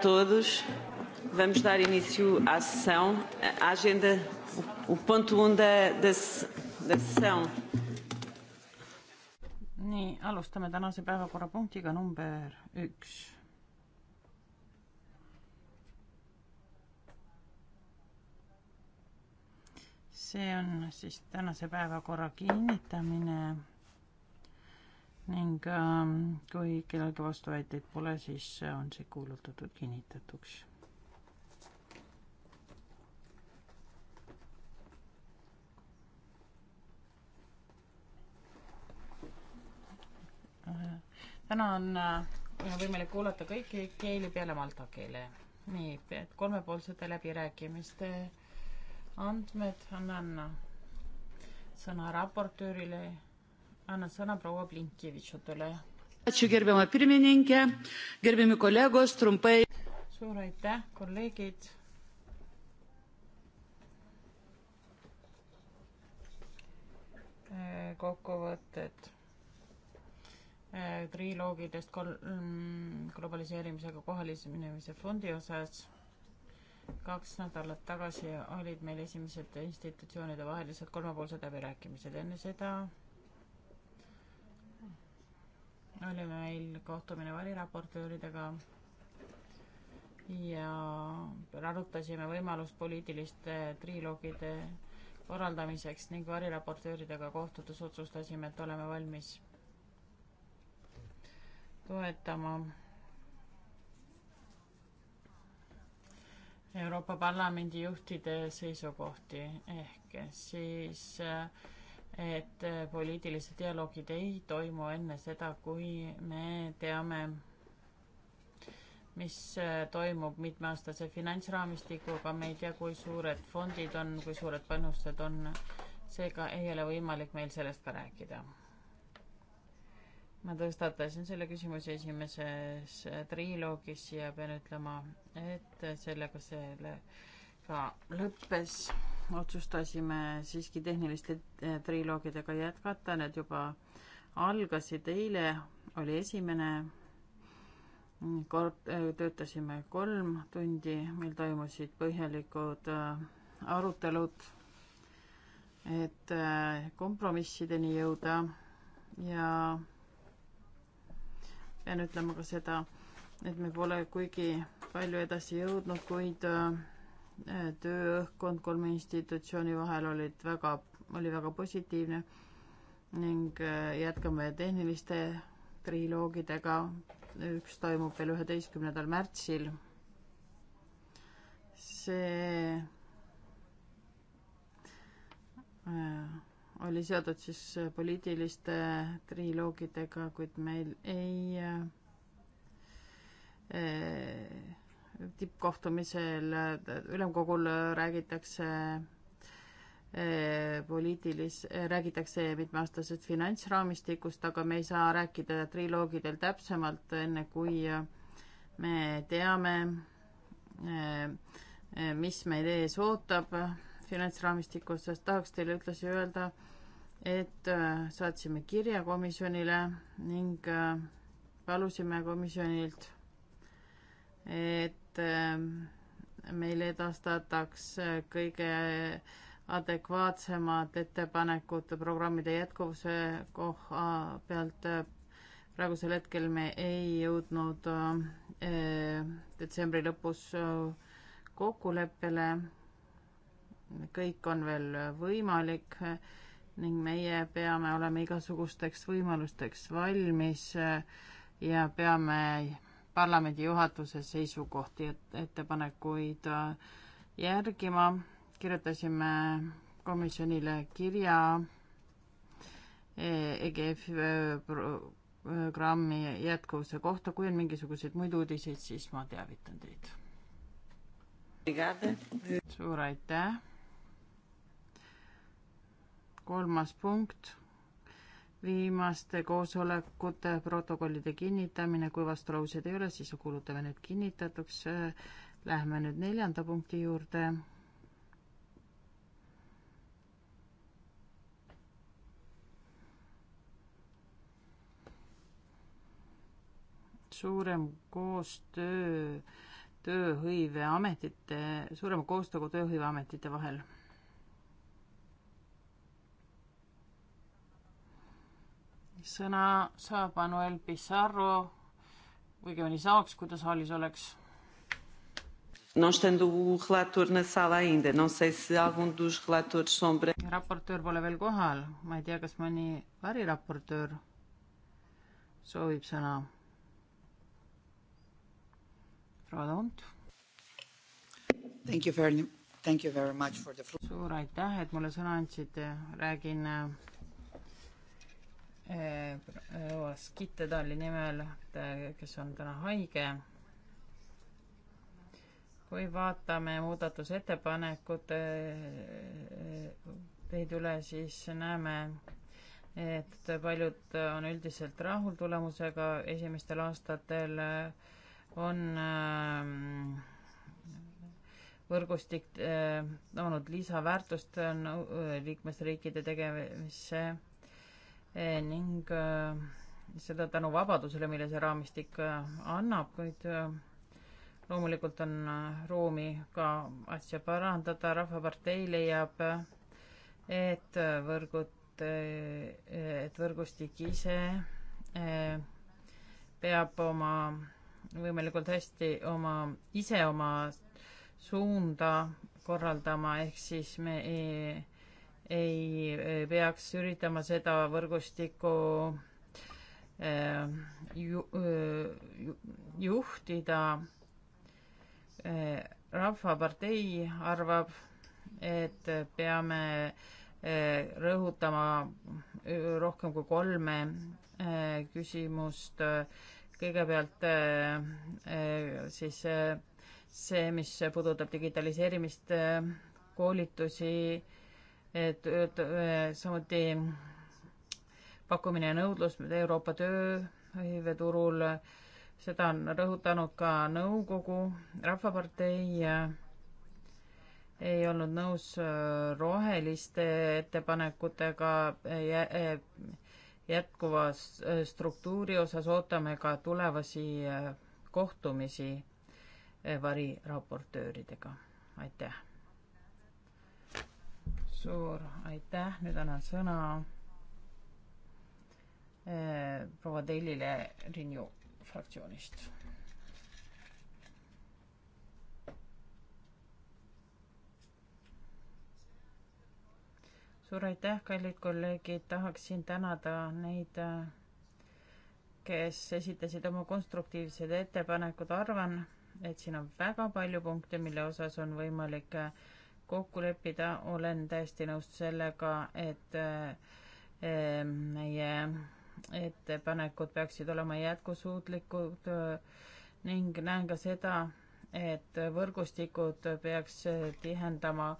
todos. Vamos dar início à sessão. A agenda, o ponto 1 um da, da, da sessão. nii, alustame tänase päevakorrapunktiga number üks. see on siis tänase päevakorra kinnitamine ning ähm, kui kellelgi vastuväiteid pole, siis on see kuulutatud kinnitatuks. täna on äh, võimalik kuulata kõiki keeli peale malta keele. nii, et kolmepoolsete läbirääkimiste andmed annan sõna raportöörile annan sõna proua Blinkivitšutele. suur aitäh, kolleegid. Eh, kokkuvõtted eh, triloogidest kol-, mm, globaliseerimisega kohaliseminemise fondi osas. kaks nädalat tagasi olid meil esimesed institutsioonide vahelised kolmepoolsed läbirääkimised, enne seda oli meil kohtumine variraportööridega ja arutasime võimalust poliitiliste triloogide korraldamiseks ning variraportööridega kohtudes otsustasime, et oleme valmis toetama Euroopa Parlamendi juhtide seisukohti ehk siis äh, et äh, poliitilised dialoogid ei toimu enne seda, kui me teame, mis äh, toimub mitmeaastase finantsraamistikuga, me ei tea, kui suured fondid on, kui suured panused on, seega ei ole võimalik meil sellest ka rääkida. ma tõstatasin selle küsimuse esimeses äh, triloogis ja pean ütlema, et sellega selle ka lõppes otsustasime siiski tehniliste eh, triloogidega jätkata, need juba algasid eile, oli esimene kord, eh, töötasime kolm tundi, meil toimusid põhjalikud eh, arutelud, et kompromissideni jõuda ja pean ütlema ka seda, et me pole kuigi palju edasi jõudnud, kuid tööõhkkond kolme institutsiooni vahel olid väga, oli väga positiivne ning äh, jätkame tehniliste triloogidega. üks toimub veel üheteistkümnendal märtsil. see äh, oli seotud siis poliitiliste triloogidega, kuid meil ei äh, tippkohtumisel ülemkogul räägitakse eh, poliitilis-, räägitakse mitmeaastasest finantsraamistikust, aga me ei saa rääkida triloogidel täpsemalt, enne kui me teame, eh, mis meid ees ootab finantsraamistikus, sest tahaks teile ühtlasi öelda, et eh, saatsime kirja komisjonile ning palusime komisjonilt, et et ehm, meile edastatakse kõige adekvaatsemad ettepanekud programmide jätkuvuse koha pealt. praegusel hetkel me ei jõudnud ehm, detsembri lõpus kokkuleppele. kõik on veel võimalik ning meie peame olema igasugusteks võimalusteks valmis ja peame parlamendi juhatuse seisukohti, et ettepanekuid äh, järgima. kirjutasime komisjonile kirja EGF e e, e, programmi jätkuvuse kohta, kui on mingisuguseid muid uudiseid, siis ma teavitan teid. suur aitäh. kolmas punkt viimaste koosolekute protokollide kinnitamine, kui vastulauseid ei ole, siis kuulutame need kinnitatuks. Lähme nüüd neljanda punkti juurde. suurem koostöö tööhõiveametite, suurema koostöö kui tööhõiveametite vahel sõna saab Manuel Pissarro, õigemini saaks, kui ta saalis oleks. Não estando o relator na sala ainda, não sei se algum dos relatores sombra. raportöör pole veel kohal, ma ei tea, kas mõni variraportöör soovib sõna. proua Toont. Thank you very, thank you very much for the. suur aitäh, et mulle sõna andsite, räägin äh, proua eh, Skittedali nimel, kes on täna haige. kui vaatame muudatusettepanekute eh, teid üle, siis näeme, et paljud on üldiselt rahul tulemusega, esimestel aastatel on ehm, võrgustik eh, toonud lisaväärtust liikmesriikide tegemisse Eh, ning eh, seda tänu vabadusele, mille see raamistik eh, annab, kuid loomulikult on ruumi ka asja parandada, Rahvapartei leiab, et võrgud, et võrgustik ise peab oma, võimalikult hästi oma, ise oma suunda korraldama, ehk siis me ei ei peaks üritama seda võrgustikku eh, ju, ju, eh, juhtida. Eh, rahvapartei arvab, et peame rõhutama rohkem kui kolme küsimust. kõigepealt siis see, mis puudutab digitaliseerimist, koolitusi et, et samuti pakkumine ja nõudlus Euroopa tööhõiveturul, seda on rõhutanud ka nõukogu, Rahvapartei ei olnud nõus äh, roheliste ettepanekutega äh, jätkuva äh, struktuuri osas, ootame ka tulevasi kohtumisi variraportööridega, aitäh suur aitäh, nüüd annan sõna eh, proua Tellile Renew fraktsioonist. suur aitäh, kallid kolleegid, tahaksin tänada neid, eh, kes esitasid oma konstruktiivsed ettepanekud, arvan, et siin on väga palju punkte, mille osas on võimalik äh, kokku leppida, olen täiesti nõus sellega, et eh, meie ettepanekud peaksid olema jätkusuutlikud eh, ning näen ka seda, et võrgustikud peaks tihendama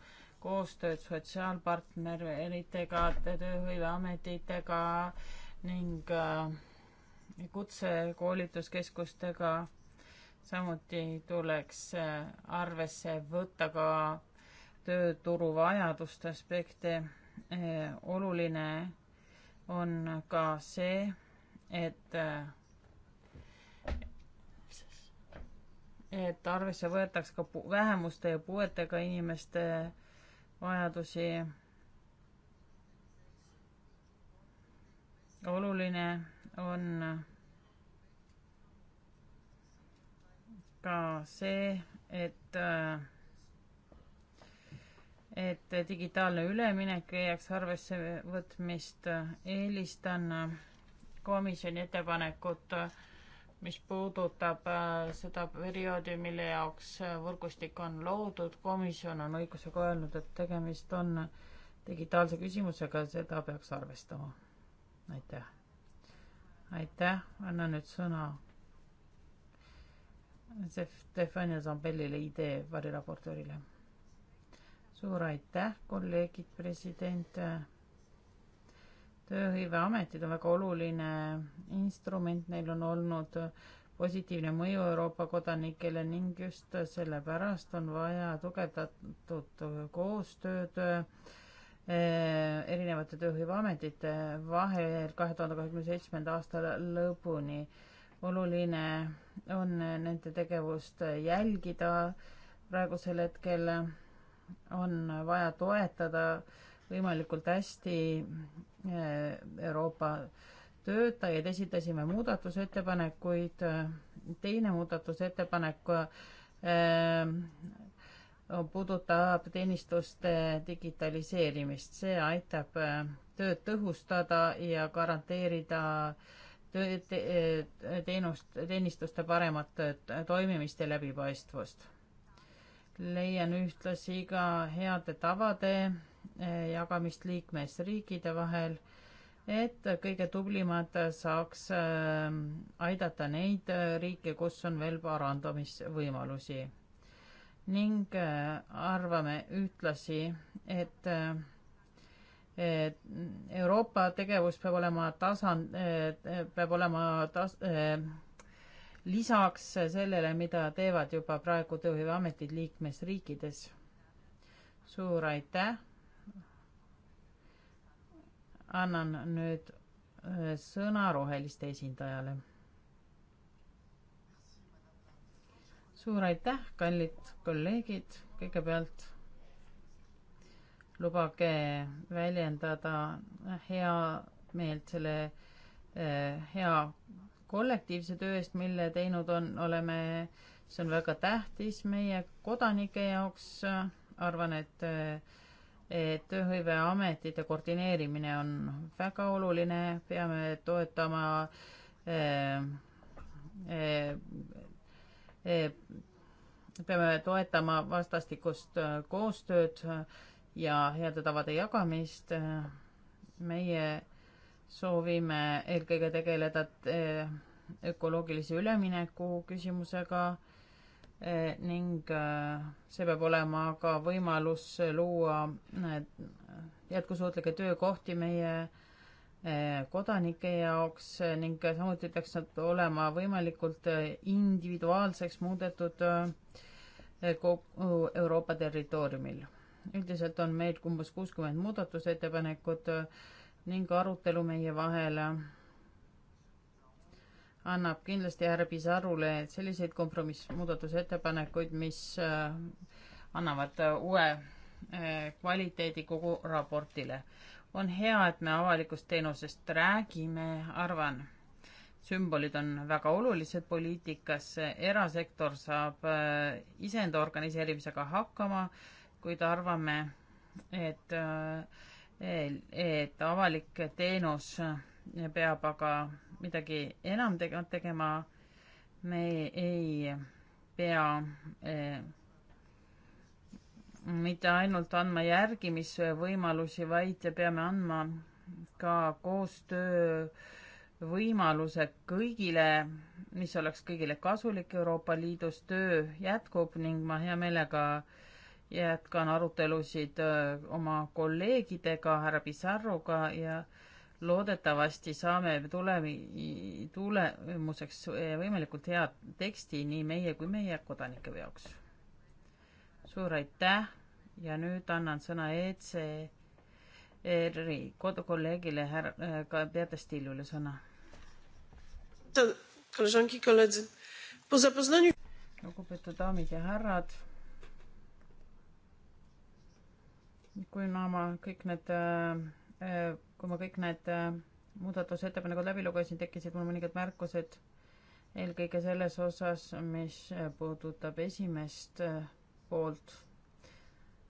koostööd sotsiaalpartneritega, tööhõiveametitega ning eh, kutsekoolituskeskustega. samuti tuleks arvesse võtta ka tööturu vajaduste aspekte. Eh, oluline on ka see, et, eh, et arvesse võetaks ka vähemuste ja puuetega inimeste vajadusi. oluline on ka see, et äh, et digitaalne üleminek leiaks arvesse võtmist. eelistan komisjoni ettepanekut, mis puudutab äh, seda perioodi, mille jaoks äh, võrgustik on loodud. komisjon on õigusega öelnud, et tegemist on digitaalse küsimusega, seda peaks arvestama. aitäh. aitäh, annan nüüd sõna Stefania Zambellile, idee variraportöörile suur aitäh, kolleegid, president. tööhõiveametid on väga oluline instrument, neil on olnud positiivne mõju Euroopa kodanikele ning just sellepärast on vaja tugevdatud koostööd eh, erinevate tööhõiveametite vahel kahe tuhande kahekümne seitsmenda aasta lõpuni. oluline on nende tegevust jälgida praegusel hetkel on vaja toetada võimalikult hästi eh, Euroopa töötajaid, esitasime muudatusettepanekuid, teine muudatusettepanek eh, puudutab teenistuste digitaliseerimist, see aitab eh, tööd tõhustada ja garanteerida töö, teenust, teenistuste paremat toimimist ja läbipaistvust leian ühtlasi ka heade tavade eh, jagamist liikmesriikide vahel, et kõige tublimad saaks eh, aidata neid eh, riike, kus on veel parandamisvõimalusi. ning arvame ühtlasi, et Euroopa tegevus peab olema tasand, peab olema tas-, lisaks sellele, mida teevad juba praegu tööhõiveametid liikmesriikides. suur aitäh. annan nüüd äh, sõna roheliste esindajale. suur aitäh, kallid kolleegid, kõigepealt lubage väljendada äh, hea meelt selle hea kollektiivse töö eest, mille teinud on, oleme, see on väga tähtis meie kodanike jaoks, arvan, et et tööhõiveametite koordineerimine on väga oluline, peame toetama eh, eh, eh, peame toetama vastastikust koostööd ja heade tavade jagamist. meie soovime eelkõige tegeleda eh, ökoloogilise ülemineku küsimusega eh, ning eh, see peab olema ka võimalus luua jätkusuutlikke töökohti meie kodanike jaoks ning samuti peaks nad olema võimalikult individuaalseks muudetud kogu Euroopa territooriumil. üldiselt on meil umbes kuuskümmend muudatusettepanekut ning arutelu meie vahel annab kindlasti härra Pisarule selliseid kompromissmuudatusettepanekuid, mis äh, annavad äh, uue äh, kvaliteedi kogu raportile. on hea, et me avalikust teenusest räägime, arvan. sümbolid on väga olulised poliitikas, erasektor saab iseenda organiseerimisega hakkama, kuid arvame, et äh, et avalik teenus peab aga midagi enam tegema. me ei pea eh, mitte ainult andma järgimisvõimalusi, vaid peame andma ka koostöövõimaluse kõigile, mis oleks kõigile kasulik Euroopa Liidus. töö jätkub ning ma hea meelega äh, jätkan arutelusid äh, oma kolleegidega, härra Pissarroga ja loodetavasti saame tulemi-, tulemuseks äh, võimalikult hea teksti nii meie kui meie kodanike jaoks. suur aitäh ja nüüd annan sõna ECR-i kodukolleegile härra äh, Kadri Stillule sõna. lugupeetud daamid ja härrad kui no ma kõik need, äh, äh, kui ma kõik need äh, muudatusettepanekud läbi lugesin, tekkisid mul mõningad märkused eelkõige selles osas, mis puudutab esimest poolt,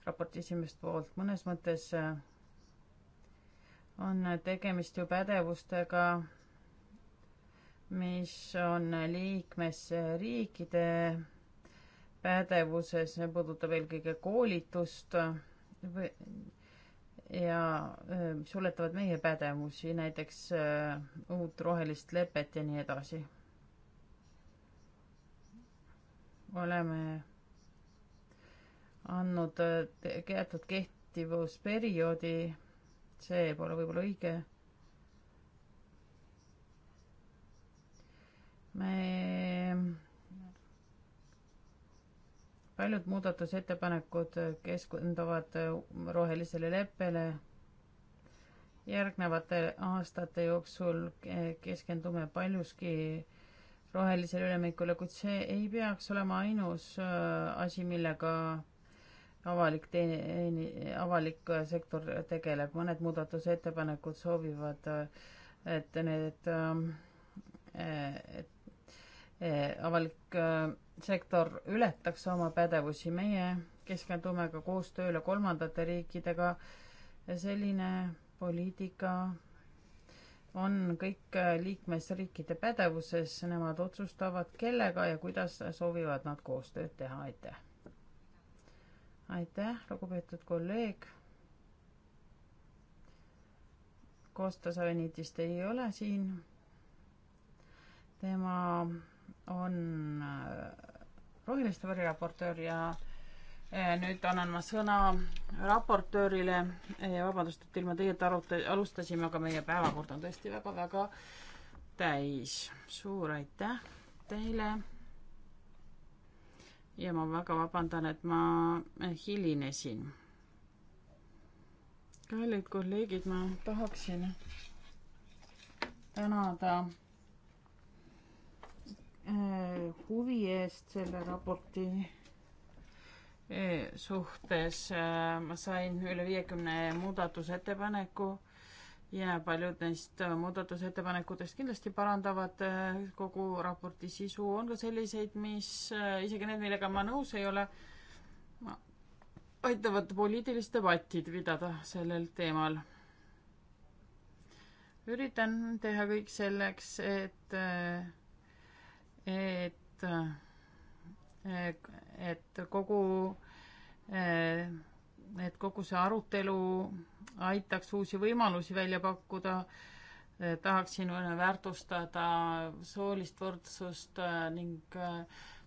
raporti esimest poolt, mõnes mõttes on tegemist ju pädevustega, mis on liikmesriikide pädevuses, see puudutab eelkõige koolitust või ja mis ületavad meie pädevusi, näiteks uut rohelist lepet ja nii edasi. oleme andnud teatud kehtivusperioodi, see pole võib-olla õige. me paljud muudatusettepanekud keskenduvad rohelisele leppele. järgnevate aastate jooksul keskendume paljuski rohelisele ülemikule, kuid see ei peaks olema ainus äh, asi, millega avalik teeni-, avalik äh, sektor tegeleb, mõned muudatusettepanekud soovivad, äh, et need, ähm, et Eh, avalik eh, sektor ületaks oma pädevusi. meie keskendume ka koostööle kolmandate riikidega. selline poliitika on kõik eh, liikmesriikide pädevuses, nemad otsustavad, kellega ja kuidas soovivad nad koostööd teha, aitäh. aitäh, lugupeetud kolleeg. Kosta Savenitist ei ole siin. tema on äh, roheliste variraportöör ja äh, nüüd annan ma sõna raportöörile. Äh, vabandust, et ilma teieta arut-, alustasime, aga meie päevakord on tõesti väga-väga täis. suur aitäh teile ja ma väga vabandan, et ma hilinesin. kallid kolleegid, ma tahaksin tänada Äh, huvi eest selle raporti äh, suhtes. Äh, ma sain üle viiekümne muudatusettepaneku ja paljud neist muudatusettepanekutest kindlasti parandavad kogu raporti sisu. on ka selliseid, mis isegi need, millega ma nõus ei ole, aitavad poliitilist debatti pidada sellel teemal üritan teha kõik selleks, et et, et kogu, et kogu see arutelu aitaks uusi võimalusi välja pakkuda. tahaksin väärtustada soolist võrdsust ning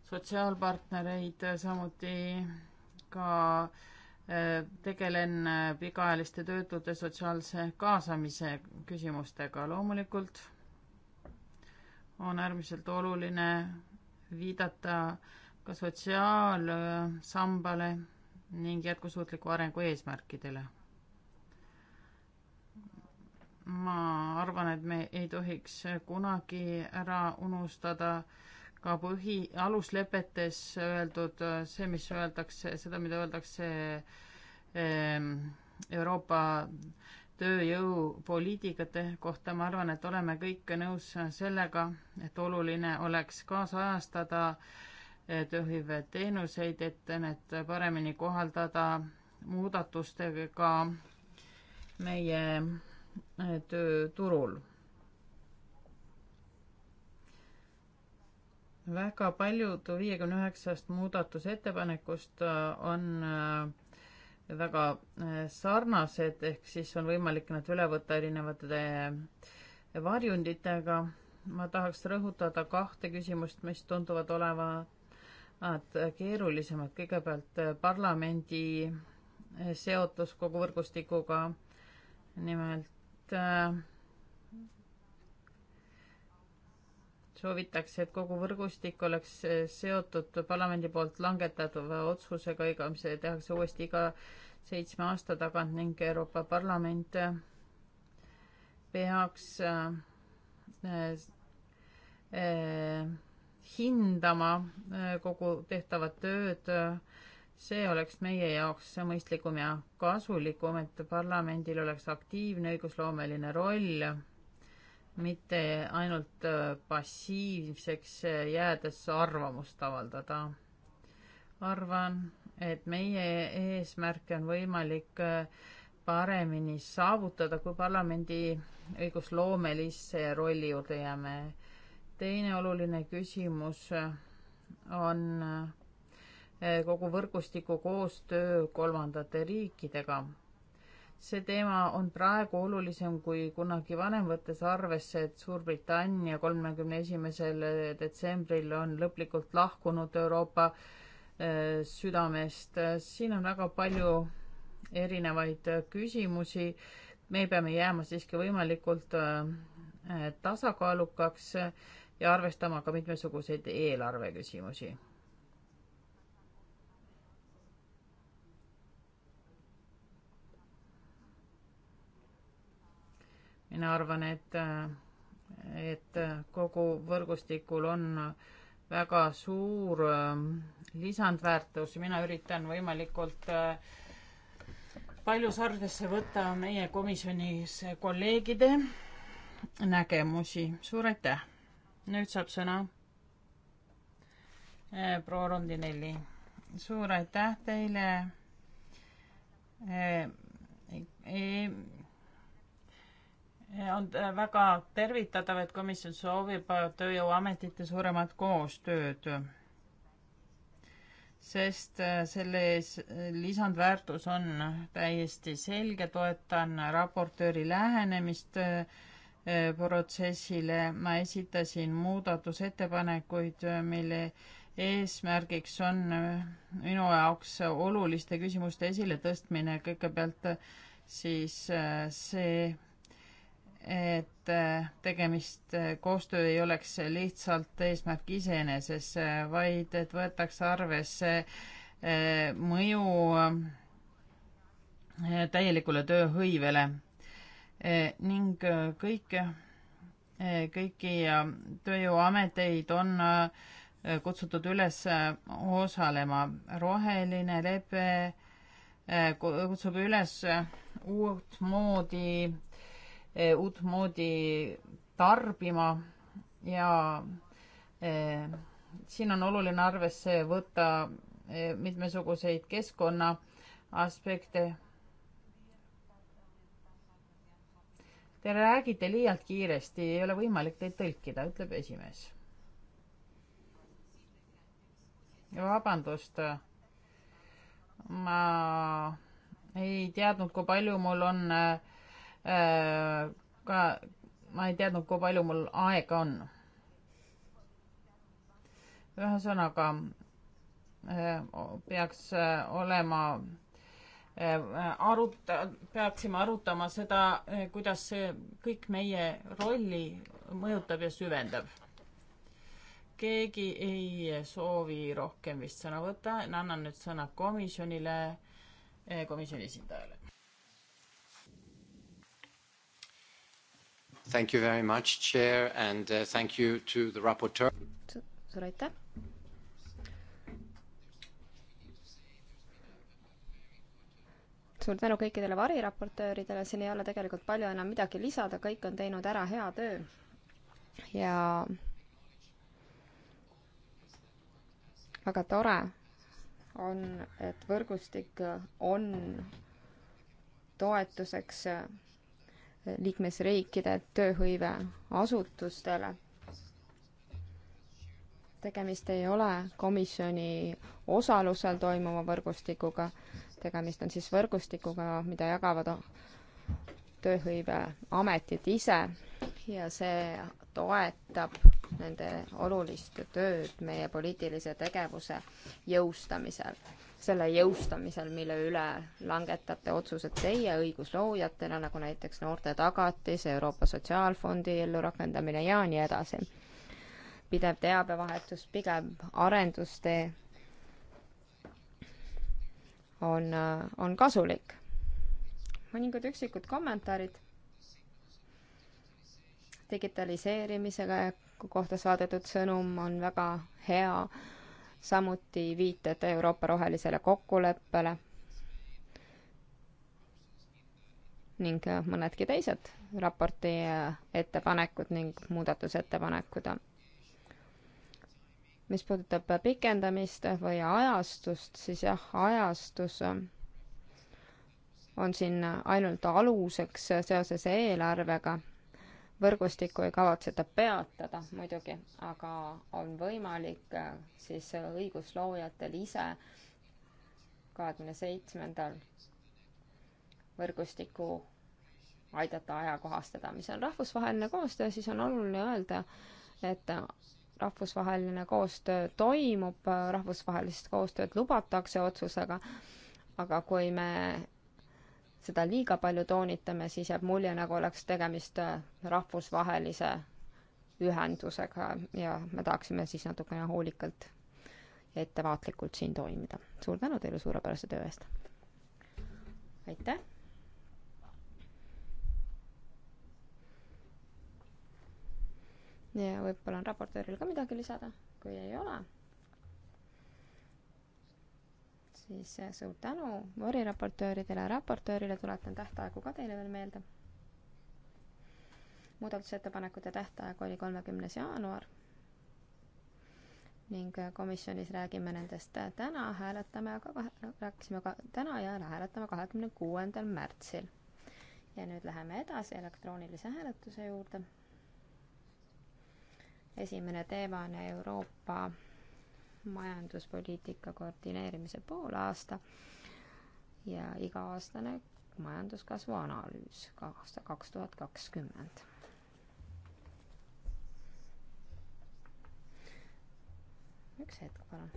sotsiaalpartnereid, samuti ka e, tegelen pikaajaliste töötute sotsiaalse kaasamise küsimustega loomulikult on äärmiselt oluline viidata ka sotsiaalsambale ning jätkusuutliku arengu eesmärkidele. ma arvan, et me ei tohiks kunagi ära unustada ka põhi, aluslepetes öeldud see, mis öeldakse, seda, mida öeldakse ehm, Euroopa tööjõupoliitikate eh, kohta, ma arvan, et oleme kõik nõus sellega, et oluline oleks kaasajastada eh, tööhõive teenuseid, et need paremini kohaldada muudatustega meie eh, tööturul. väga paljud viiekümne üheksast muudatusettepanekust on väga äh, sarnased, ehk siis on võimalik nad üle võtta erinevate äh, varjunditega. ma tahaks rõhutada kahte küsimust, mis tunduvad olevat keerulisemad. kõigepealt äh, parlamendi seotus kogu võrgustikuga, nimelt äh, soovitakse, et kogu võrgustik oleks seotud parlamendi poolt langetatava otsusega, ega mis tehakse uuesti iga seitsme aasta tagant ning Euroopa Parlament peaks äh, äh, hindama äh, kogu tehtavat tööd. see oleks meie jaoks mõistlikum ja kasulikum, et parlamendil oleks aktiivne õigusloomeline roll mitte ainult äh, passiivseks äh, jäädes arvamust avaldada. arvan, et meie eesmärke on võimalik äh, paremini saavutada, kui parlamendi õigusloomelisse rolli juurde jääme. teine oluline küsimus on kogu võrgustiku koostöö kolmandate riikidega see teema on praegu olulisem kui kunagi varem, võttes arvesse, et Suurbritannia kolmekümne esimesel detsembril on lõplikult lahkunud Euroopa äh, südamest. siin on väga palju erinevaid küsimusi. me peame jääma siiski võimalikult äh, tasakaalukaks ja arvestama ka mitmesuguseid eelarve küsimusi mina arvan, et, et kogu võrgustikul on väga suur äh, lisandväärtus, mina üritan võimalikult äh, paljus arvesse võtta meie komisjonis kolleegide nägemusi, suur aitäh! nüüd saab sõna äh, proua Rondinelli. suur aitäh teile e e on äh, väga tervitatav, et komisjon soovib äh, Tööjõuametite suuremat koostööd, sest äh, selles lisandväärtus on täiesti selge, toetan raportööri lähenemist protsessile, ma esitasin muudatusettepanekuid, mille eesmärgiks on minu jaoks oluliste küsimuste esiletõstmine, kõigepealt siis see et äh, tegemist, äh, koostöö ei oleks lihtsalt eesmärk iseeneses, äh, vaid et võetakse arvesse mõju täielikule tööhõivele ning kõik, kõiki tööjõuameteid on kutsutud üles osalema. roheline lepe kutsub üles uutmoodi Eh, uutmoodi tarbima ja eh, siin on oluline arvesse võtta eh, mitmesuguseid keskkonna aspekte. Te räägite liialt kiiresti, ei ole võimalik teid tõlkida, ütleb esimees. vabandust. ma ei teadnud, kui palju mul on äh, Äh, ka ma ei teadnud, kui palju mul aega on. ühesõnaga äh, peaks äh, olema arut-, peaksime arutama seda, kuidas see kõik meie rolli mõjutab ja süvendab. keegi ei soovi rohkem vist sõna võtta, annan nüüd sõna komisjonile, komisjoni esindajale. Thank you very much, chair and uh, thank you to the raporteur. suur aitäh. suur tänu kõikidele variraportööridele, siin ei ole tegelikult palju enam midagi lisada, kõik on teinud ära hea töö. ja väga tore on, et võrgustik on toetuseks liikmesriikide tööhõiveasutustele. tegemist ei ole komisjoni osalusel toimuva võrgustikuga, tegemist on siis võrgustikuga, mida jagavad tööhõiveametid ise ja see toetab nende olulist tööd meie poliitilise tegevuse jõustamisel selle jõustamisel, mille üle langetate otsused teie õigusloojatena, nagu näiteks noorte tagatis, Euroopa Sotsiaalfondi ellurakendamine ja nii edasi. pidev teabevahetus, pigem arendustee on, on kasulik. mõningad üksikud kommentaarid digitaliseerimisega kohta saadetud sõnum on väga hea samuti viited Euroopa rohelisele kokkuleppele ning mõnedki teised raporti ettepanekud ning muudatusettepanekud. mis puudutab pikendamist või ajastust, siis jah, ajastus on siin ainult aluseks seoses eelarvega võrgustikku ei kavatseta peatada muidugi, aga on võimalik äh, siis õigusloojatel ise kahekümne seitsmendal võrgustiku aidata ajakohastada, mis on rahvusvaheline koostöö, siis on oluline öelda, et rahvusvaheline koostöö toimub, rahvusvahelist koostööd lubatakse otsusega, aga kui me seda liiga palju toonitame, siis jääb mulje, nagu oleks tegemist äh, rahvusvahelise ühendusega ja me tahaksime siis natukene hoolikalt ja ettevaatlikult siin toimida. suur tänu teile suurepärase töö eest! aitäh! ja võib-olla on raportööril ka midagi lisada, kui ei ole siis eh, suur tänu variraportööridele ja raportöörile, tuletan tähtaegu ka teile veel meelde. muudatusettepanekute tähtaeg oli kolmekümnes jaanuar ning eh, komisjonis räägime nendest eh, täna, hääletame aga kahe, rääkisime ka täna ja hääletame kahekümne kuuendal märtsil. ja nüüd läheme edasi elektroonilise hääletuse juurde. esimene teema on Euroopa majanduspoliitika koordineerimise poolaasta ja iga-aastane majanduskasvu analüüs ka aasta kaks tuhat kakskümmend. üks hetk, palun.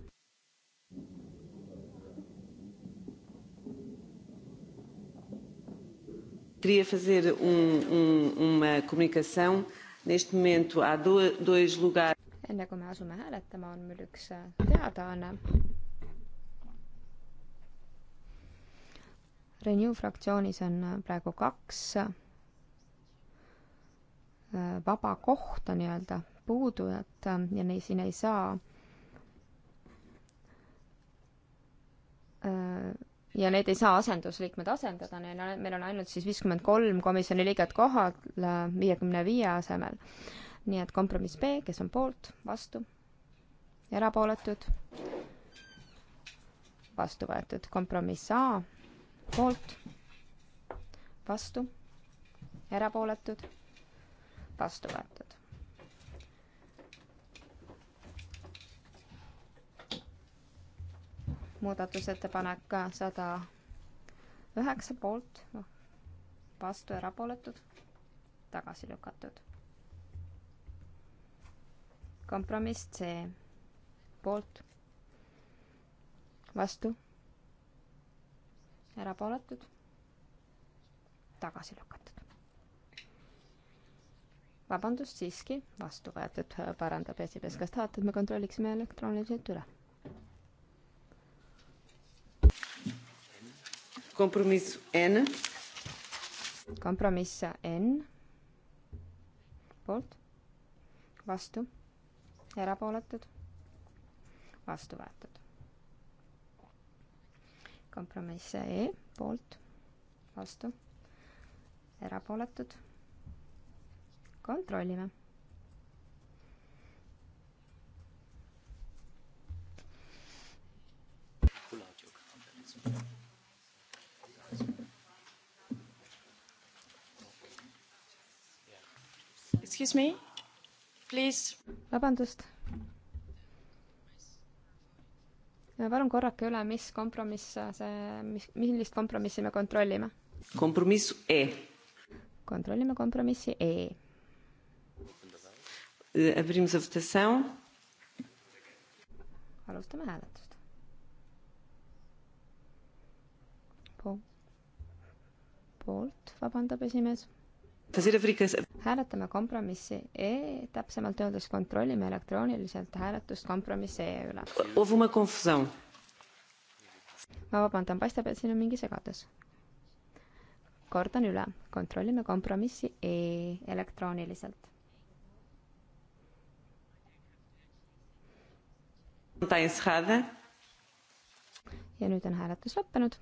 Queria fazer um, um, uma comunicação. Neste momento há do, dois lugares enne kui me asume hääletama, on mul üks äh, teadaanne. Renew fraktsioonis on äh, praegu kaks äh, vaba kohta nii-öelda puudu, et ja neid siin ei saa ja neid ei saa asendusliikmed asendada, neil on, meil on ainult siis viiskümmend kolm komisjoni liiget kohal viiekümne viie asemel nii et kompromiss B, kes on poolt, vastu, erapooletud, vastu võetud. kompromiss A, poolt, vastu, erapooletud, vastu võetud. muudatusettepanek sada üheksa poolt, vastu erapooletud, tagasi lükatud kompromiss C poolt, vastu, erapooletud, tagasi lükatud. vabandust, siiski vastu võetud, parandab esimees, kas tahate, et me kontrolliksime elektrooniliselt üle? kompromiss N. kompromiss N poolt, vastu erapooletud, vastu võetud. kompromiss E poolt, vastu, erapooletud. kontrollime. Excuse me? vabandust. palun korrake üle, mis kompromiss see, mis, millist kompromissi me kontrollime? kompromiss E. kontrollime kompromissi E. Abrimos a votação. Alustame hääletust. poolt, vabandab esimees hääletame kompromissi E, täpsemalt öeldes kontrollime elektrooniliselt hääletust kompromissi E üle. ma vabandan, paistab, et siin on mingi segadus. kordan üle, kontrollime kompromissi E elektrooniliselt. ja nüüd on hääletus lõppenud.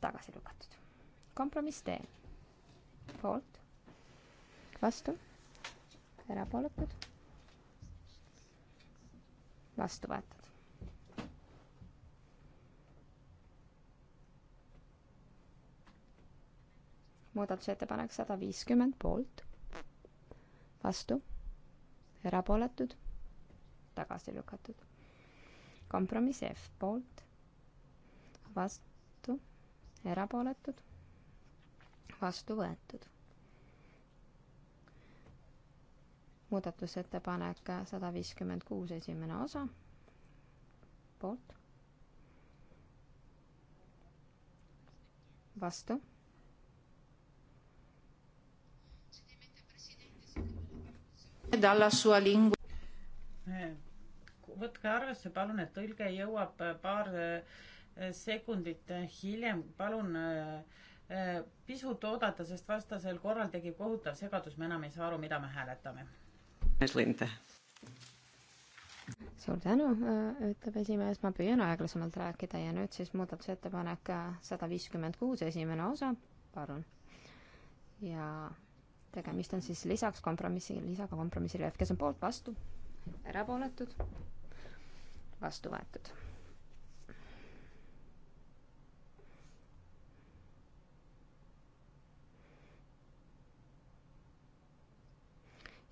tagasi lükatud kompromiss D. poolt, vastu, erapooletud, vastu võetud. muudatusettepanek sada viiskümmend poolt, vastu, erapooletud, tagasi lükatud. kompromiss F poolt, vastu, erapooletud, vastu võetud. muudatusettepanek sada viiskümmend kuus, esimene osa, poolt, vastu dalla sua lingua. võtke arvesse, palun, et tõlge jõuab paar sekundit hiljem, palun Äh, pisut oodata, sest vastasel korral tekib kohutav segadus, me enam ei saa aru, mida me hääletame. suur tänu, äh, ütleb esimees, ma püüan aeglasemalt rääkida ja nüüd siis muudatusettepanek äh, sada viiskümmend kuus, esimene osa, palun. ja tegemist on siis lisaks kompromissi, lisaga kompromissile, kes on poolt, vastu, erapooletud, vastu võetud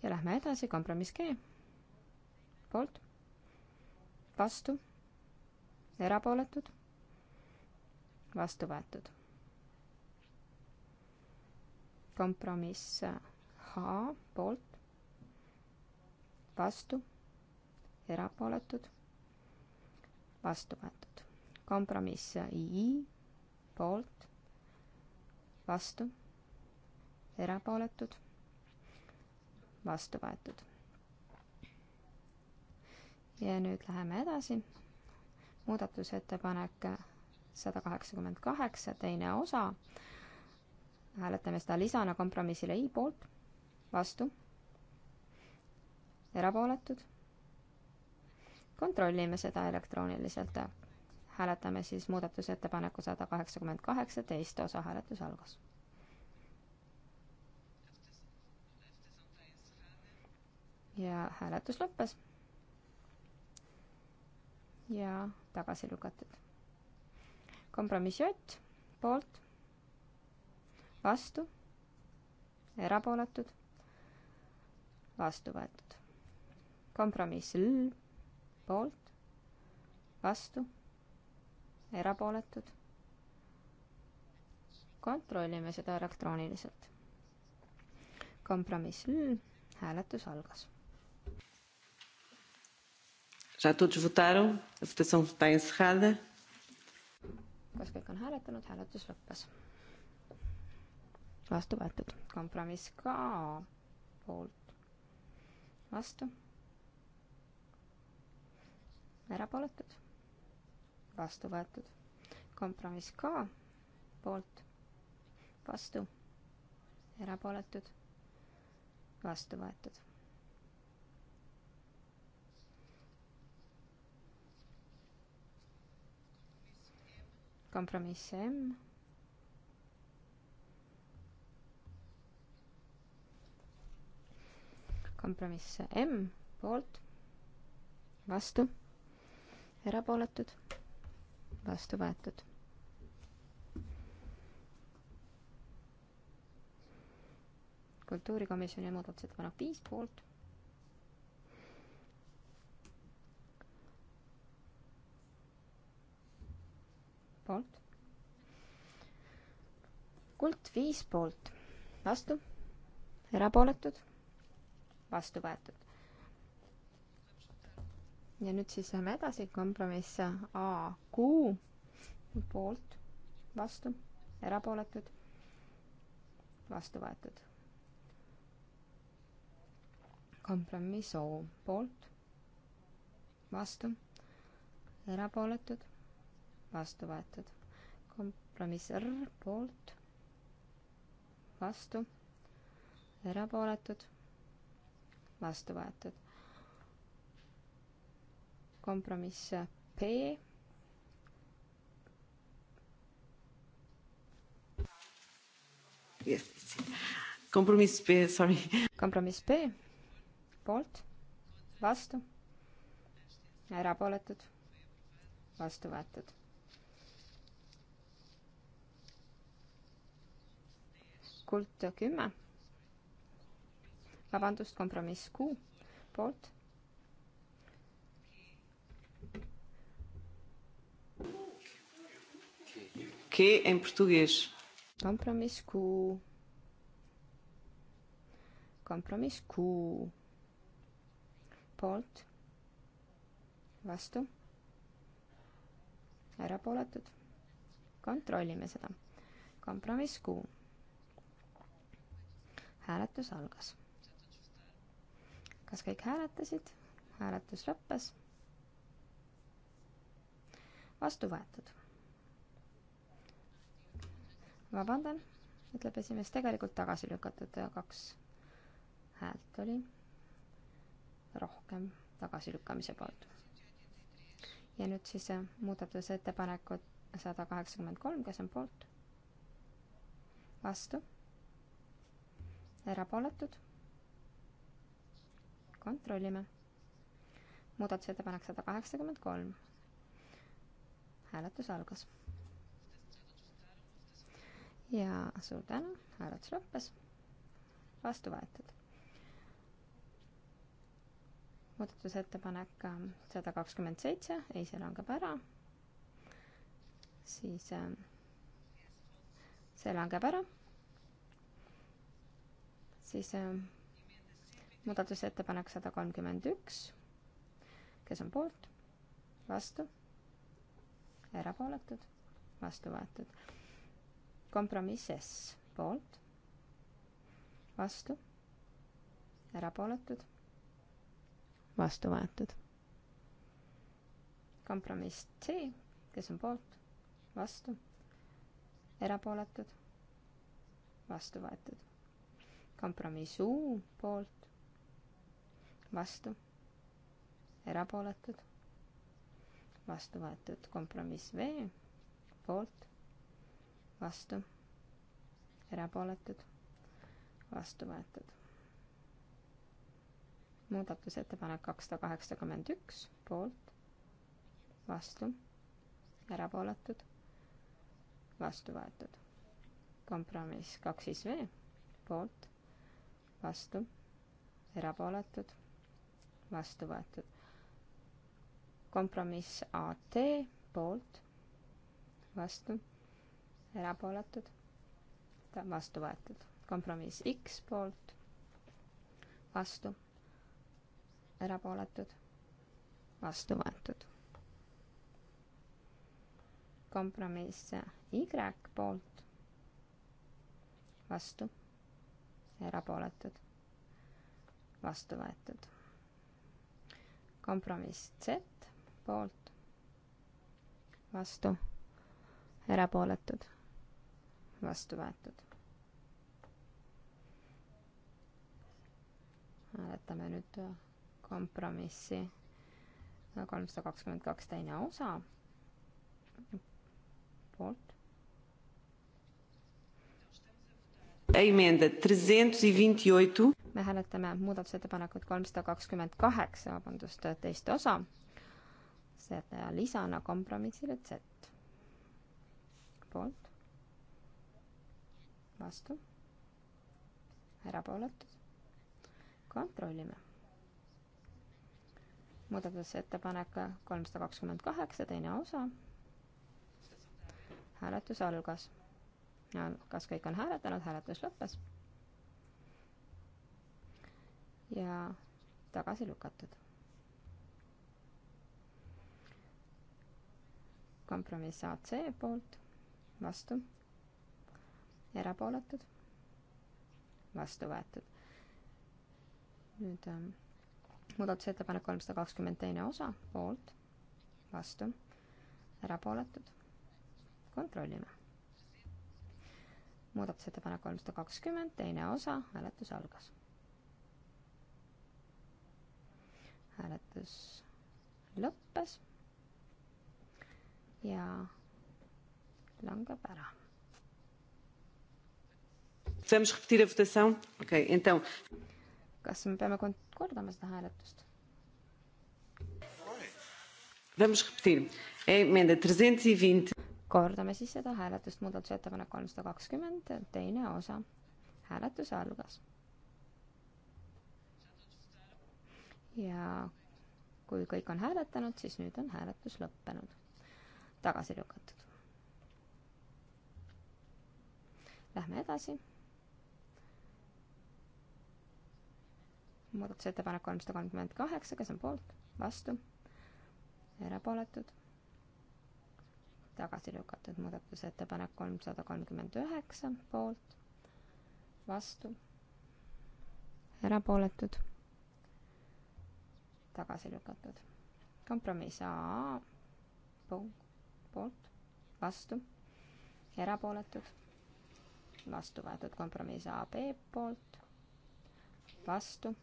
ja lähme edasi, kompromiss G. poolt, vastu, erapooletud, vastu võetud. kompromiss H poolt, vastu, erapooletud, vastu võetud. kompromiss I poolt, vastu, erapooletud vastu võetud. ja nüüd läheme edasi. muudatusettepanek sada kaheksakümmend kaheksa, teine osa. hääletame seda lisana kompromissile I poolt, vastu, erapooletud. kontrollime seda elektrooniliselt. hääletame siis muudatusettepaneku sada kaheksakümmend kaheksa, teist osa hääletus algas ja hääletus lõppes. ja tagasi lükatud. kompromiss J poolt, vastu, erapooletud, vastu võetud. kompromiss L poolt, vastu, erapooletud. kontrollime seda elektrooniliselt kompromiss L, hääletus algas Já todos votaram? A votação está encerrada. Kas kõik on hääletanud? Hääletus lõppes. Vastu võetud. Kompromiss ka poolt. Vastu. Erapooletud. Vastu võetud. Kompromiss ka poolt. Vastu. Erapooletud. Vastu võetud kompromiss M. kompromiss M poolt, vastu, erapooletud, vastu võetud. kultuurikomisjoni muudatusettepanek viis poolt poolt. kuld viis poolt, vastu, erapooletud, vastu võetud. ja nüüd siis läheme edasi, kompromiss A kuu poolt, vastu, erapooletud, vastu võetud. kompromiss O poolt, vastu, erapooletud vastu võetud. kompromiss R poolt, vastu, erapooletud, vastu võetud. kompromiss P yes,. kompromiss B, sorry. kompromiss B, poolt, vastu, erapooletud, vastu võetud kuld kümme, vabandust, kompromiss Q poolt. Que em português? Compromiss Q. Compromiss Q. poolt, vastu, erapooletud. kontrollime seda. kompromiss Q hääletus algas. kas kõik hääletasid? hääletus lõppes. vastu võetud. vabandan, ütleb esimees, tegelikult tagasi lükatud kaks häält oli rohkem tagasilükkamise poolt. ja nüüd siis äh, muudatusettepanekud sada kaheksakümmend kolm, kes on poolt? vastu erapooletud. kontrollime. muudatusettepanek sada kaheksakümmend kolm. hääletus algas. ja suur tänu, hääletus lõppes. vastu võetud. muudatusettepanek sada kakskümmend seitse, ei, ähm, see langeb ära. siis see langeb ära siis äh, muudatusettepanek sada kolmkümmend üks, kes on poolt, vastu, erapooletud, vastu võetud. kompromiss S, poolt, vastu, erapooletud, vastu võetud. kompromiss C, kes on poolt, vastu, erapooletud, vastu võetud kompromiss U poolt, vastu, erapooletud, vastu võetud. kompromiss V poolt, vastu, erapooletud, vastu võetud. muudatusettepanek kakssada kaheksakümmend üks poolt, vastu, erapooletud, vastu võetud. kompromiss kaks siis V poolt vastu, erapooletud, vastu võetud. kompromiss AT poolt, vastu, erapooletud, vastu võetud. kompromiss X poolt, vastu, erapooletud, vastu võetud. kompromiss Y poolt, vastu erapooletud, vastu võetud. kompromiss Z poolt, vastu, erapooletud, vastu võetud. hääletame nüüd kompromissi kolmsada kakskümmend kaks teine osa poolt, E e me hääletame muudatusettepanekut kolmsada kakskümmend kaheksa, vabandust, teist osa, seda lisana kompromissile Z. poolt, vastu, erapooletud, kontrollime. muudatusettepanek kolmsada kakskümmend kaheksa, teine osa, hääletus algas kas kõik on hääletanud, hääletus lõppes. ja tagasi lükatud. kompromiss AC poolt, vastu, erapooletud, vastu võetud. nüüd äh, muudatusettepanek kolmsada kakskümmend teine osa, poolt, vastu, erapooletud. kontrollime muudatusettepanek kolmsada kakskümmend, teine osa, hääletus algas. hääletus lõppes ja langeb ära. kas me peame kordama seda hääletust? Vamos repetir. Emenda 320 kordame siis seda hääletust, muudatusettepanek kolmsada kakskümmend, teine osa. hääletus algas. ja kui kõik on hääletanud, siis nüüd on hääletus lõppenud, tagasi lükatud. Lähme edasi. muudatusettepanek kolmsada kolmkümmend kaheksa, kes on poolt, vastu, erapooletud tagasi lükatud muudatusettepanek kolmsada kolmkümmend üheksa poolt, vastu, erapooletud, tagasi lükatud. kompromiss AA poolt, vastu, erapooletud, vastu võetud kompromiss AB poolt, vastu,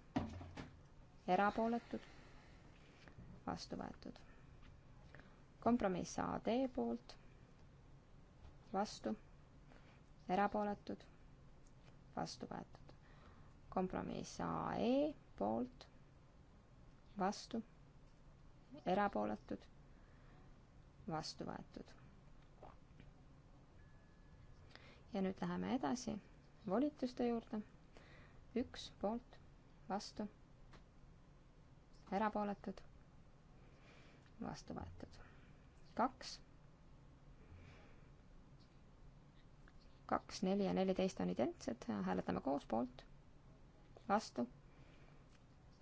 erapooletud, vastu võetud kompromiss AD poolt, vastu, erapooletud, vastu võetud. kompromiss AE poolt, vastu, erapooletud, vastu võetud. ja nüüd läheme edasi volituste juurde. üks poolt, vastu, erapooletud, vastu võetud kaks, kaks, neli ja neliteist on identsed, hääletame koos, poolt, vastu,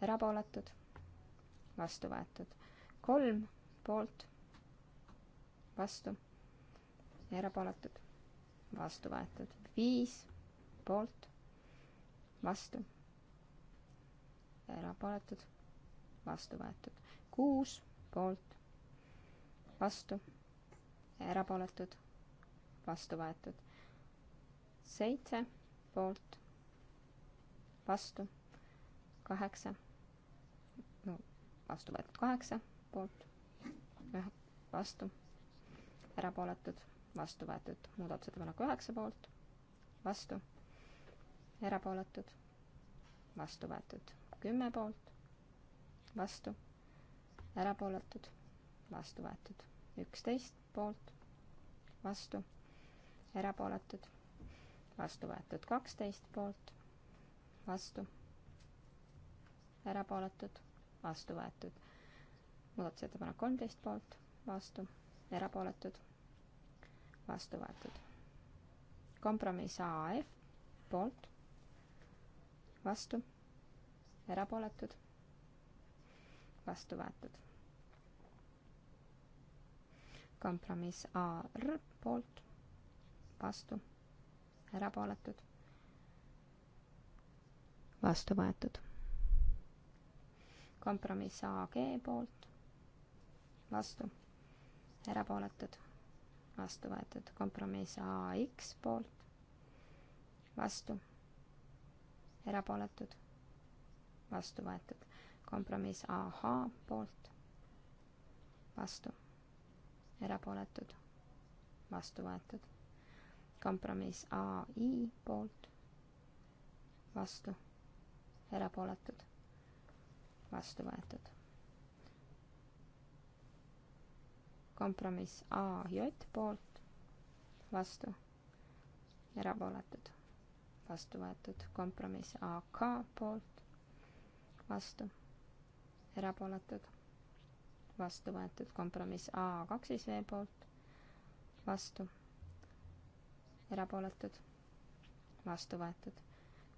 erapooletud, vastu võetud. kolm, poolt, vastu, erapooletud, vastu võetud. viis, poolt, vastu, erapooletud, vastu võetud. kuus, poolt, vastu, erapooletud, vastu võetud. seitse poolt, vastu, kaheksa, no vastu võetud kaheksa poolt, vastu, erapooletud, vastu võetud, muudatusettepanek üheksa poolt, vastu, erapooletud, vastu võetud, kümme poolt, vastu, erapooletud, vastu võetud üksteist poolt, vastu, erapooletud, vastu võetud kaksteist poolt, vastu, erapooletud, vastu võetud. muudatusettepanek kolmteist poolt, vastu, erapooletud, vastu võetud. kompromiss AF poolt, vastu, erapooletud, vastu võetud kompromiss AR poolt, vastu, erapooletud, vastu võetud. kompromiss AG poolt, vastu, erapooletud, vastu võetud. kompromiss AX poolt, vastu, erapooletud, vastu võetud. kompromiss AH poolt, vastu erapooletud, vastu võetud. kompromiss ai poolt, vastu, erapooletud, vastu võetud. kompromiss aj poolt, vastu, erapooletud, vastu võetud. kompromiss ak poolt, vastu, erapooletud, vastu võetud. kompromiss A kaks siis V poolt, vastu, erapooletud, vastu võetud.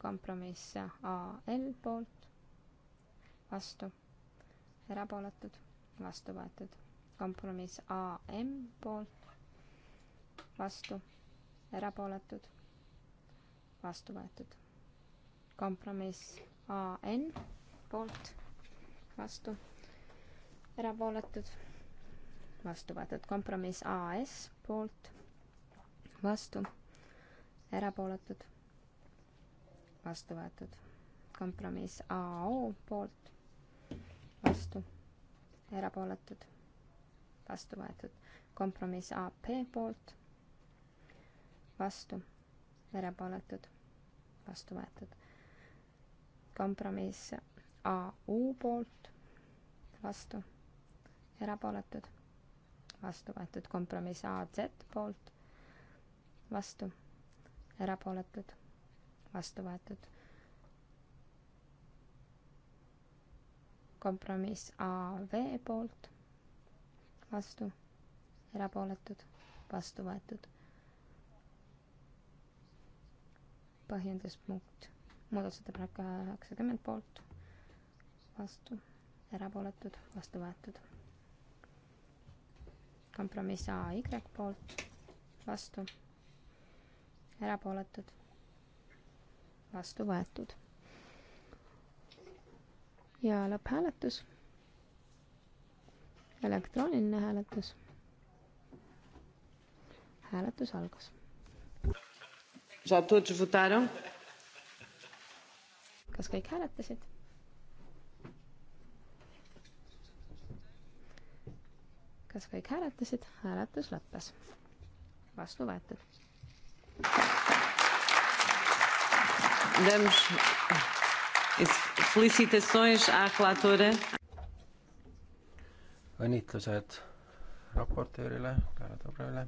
kompromiss A L poolt, vastu, erapooletud, vastu võetud. kompromiss A M poolt, vastu, erapooletud, vastu võetud. kompromiss A N poolt, vastu erapooletud, vastu võetud kompromiss AS poolt, vastu, erapooletud, vastu võetud kompromiss AO poolt, vastu, erapooletud, vastu võetud kompromiss AP poolt, vastu, erapooletud, vastu võetud kompromiss AU poolt, vastu erapooletud, vastu võetud. kompromiss AZ poolt, vastu, erapooletud, vastu võetud. kompromiss AV poolt, vastu, erapooletud, vastu võetud. põhjenduspunkt muudatusettepanek üheksakümmend poolt, vastu, erapooletud, vastu võetud kompromiss AY poolt, vastu, erapooletud, vastu võetud. ja lõpphääletus, elektrooniline hääletus. hääletus algas. kas kõik hääletasid? kas kõik hääletasid? hääletus lõppes. vastu võetud. õnnitlused raportöörile, Klara Dobrele.